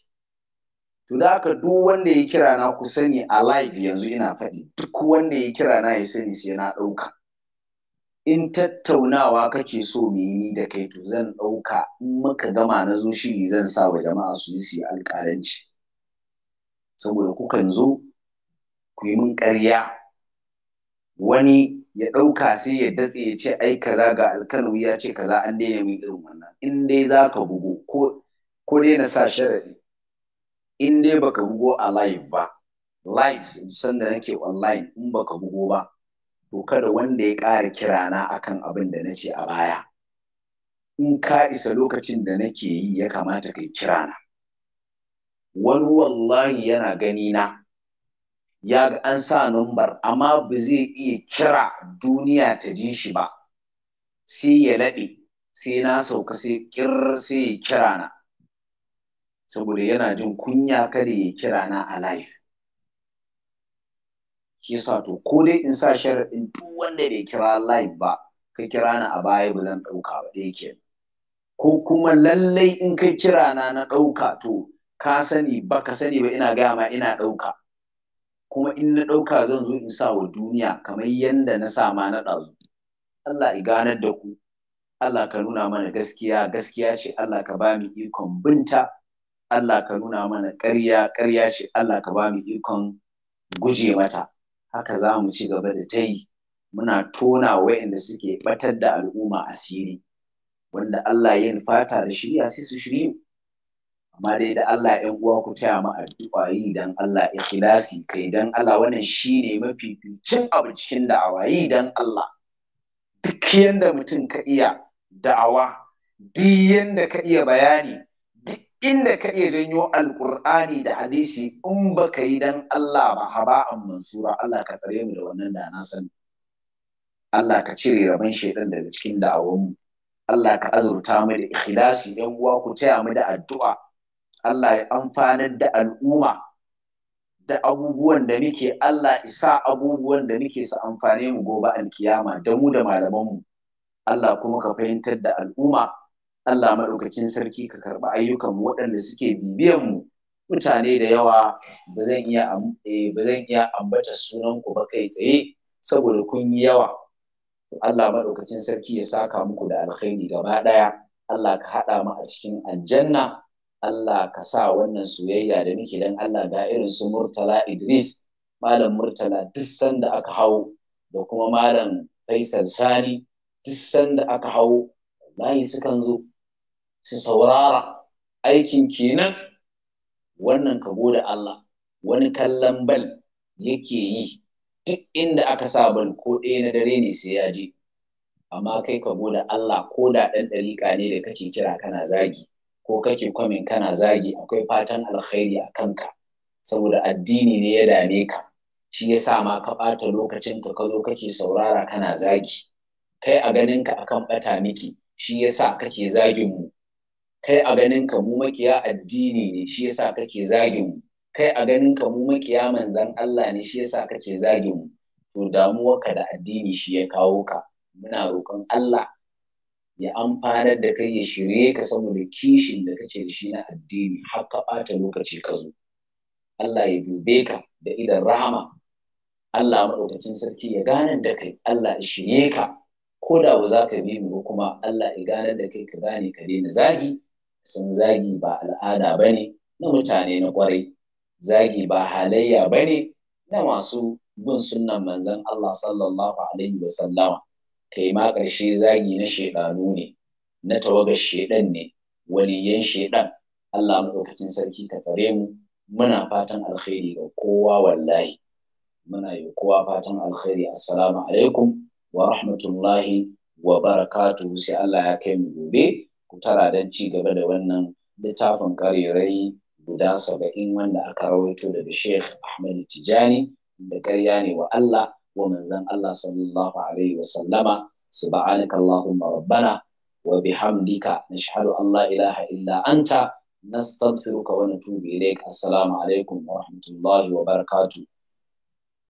to da aka duk wanda ya kira na ku sani a live yanzu ina faɗi duk wanda ya kira na ya sani sai na ɗauka in tattaunawa kake so mu yi da kai to zan ɗauka in muka gama na zo shiri zan sa wa jama'a su yi alƙalanci saboda kukan zo ku yi min ƙarya wani ya ɗauka sai ya datse ya ce ai kaza ga alkanu ya ce kaza an daina min irin wannan in dai za ka bugo ko dai na sa sharaɗi in dai baka bugo a live ba live sanda nake online in baka bugo ba to kada wanda ya ƙara kirana akan abin da na ce a baya in ka isa lokacin da nake yi ya kamata kai kirana wani wallahi yana gani na ya ga an sa numbar amma ba zai iya kira duniya ta ji shi ba sai ya laɓe sai na sauka sai ƙir sai ya kira na saboda yana jin kunya kada ya kirana a live shi sa to ko dai in sa sharaɗin duk wanda bai kira live ba ka kira ni a baya ba zan ɗauka ba ɗaya ke ko kuma lallai in kai kira na na ɗauka to ka sani ba ka sani ba ina gaya ma ina ɗauka kuma in na ɗauka zan zo in sa wa duniya kamar yanda na sa ma na ɗazu Allah i ganar da ku Allah ka nuna mana gaskiya gaskiya ce Allah ka ba ikon binta Allah ka nuna mana ƙarya ƙarya ce Allah ka ba ikon guje mata haka za mu ci gaba da ta yi muna tona wa'inda suke batar da al'umma asiri wanda Allah yin fata da shirya sai su shiryu amma dai da Allah ‘yan uwa ku taya mu addu'a yi dan Allah ikhlasi kai dan Allah wannan shine mafi cin abu cikin da'awa yi dan Allah duk yanda mutum ka iya da'awa duk yanda ka iya bayani inda ka iya janyo alkur'ani da hadisi in ba ka yi dan Allah ba haba'an mansura Allah ka tsare mu da wannan da na sani Allah ka cire rabon shaidan daga cikin da'awanmu Allah ka azurta mu da ikhlasi yan uwa ku taya mu da addu'a Allah ya amfanar da al'umma da abubuwan da muke Allah isa abubuwan da muke su amfane mu gobe alkiyama da mu da malamanmu Allah kuma ka fahimtar da al'umma Allah maɗaukacin sarki ka karɓi ayyukan waɗanda suke bibiyan mu mutane da yawa ba zan iya eh, ba zan iya ambata sunan ku ba kai tsaye saboda kun yi yawa Allah maɗaukacin sarki ya saka muku da alkhairi gaba ɗaya Allah ka haɗa mu a cikin aljanna Allah ka sa wannan soyayya da muke dan Allah ga irin su Murtala Idris Malam Murtala duk sanda aka hau da kuma Malam Faisal Sani duk sanda aka hau wallahi sukan zo su saurara aikin kenan wannan ka gode Allah wani kallon bal yake yi duk inda aka sa bal ko ɗaya na dare ne sai ya je amma kai ka gode Allah ko da ɗan ɗariƙa ne da kake kira kana zagi ko kake kwamin kana zagi akwai fatan alkhairi a kanka saboda addini ne ya dame ka shi ya sa ma ka ɓata lokacin ka ka zo kake saurara kana zagi kai a ganinka akan ɓata miki shi ya sa kake zagin mu kai a ganin ka mu makiya addini ne shi yasa kake zagin mu kai a ganin ka mu makiya manzan Allah ne shi yasa kake zagin mu to damuwar ka da addini shi ya kawo ka muna roƙon Allah ya amfanar da kai ya shirye ka saboda kishin da kake da shi na addini har ka bata lokaci ka zo Allah ya dube ka da idan rahama Allah maɗaukacin sarki ya gane da kai Allah ya shirye ka ko da ba za ka bi mu kuma Allah ya gane da kai ka gane ka daina zagi sun zagi ba al'ada ba ne na mutane na ƙwarai zagi ba halayya ba ne na masu bin sunan manzan Allah sallallahu alaihi wasallama kai ma ƙarshe zagi na shaiɗanu ne na tawagar shaiɗan ne waliyan shaiɗan Allah maɗaukacin sarki ka tsare mu muna fatan alkhairi ga kowa wallahi muna yi kowa fatan alkhairi assalamu alaikum wa rahmatullahi wa barakatuhu sai Allah ya kai mu gobe ku tara don ci gaba da wannan littafin ƙarerai guda saba'in wanda aka rawaito daga Sheikh Ahmad Tijani da karya ne wa Allah wa manzan Allah sallallahu alaihi wa sallama subhanaka Allahumma rabbana wa bihamdika nashhadu an la ilaha illa anta nastaghfiruka wa natubu ilaik assalamu alaikum wa rahmatullahi wa barakatuh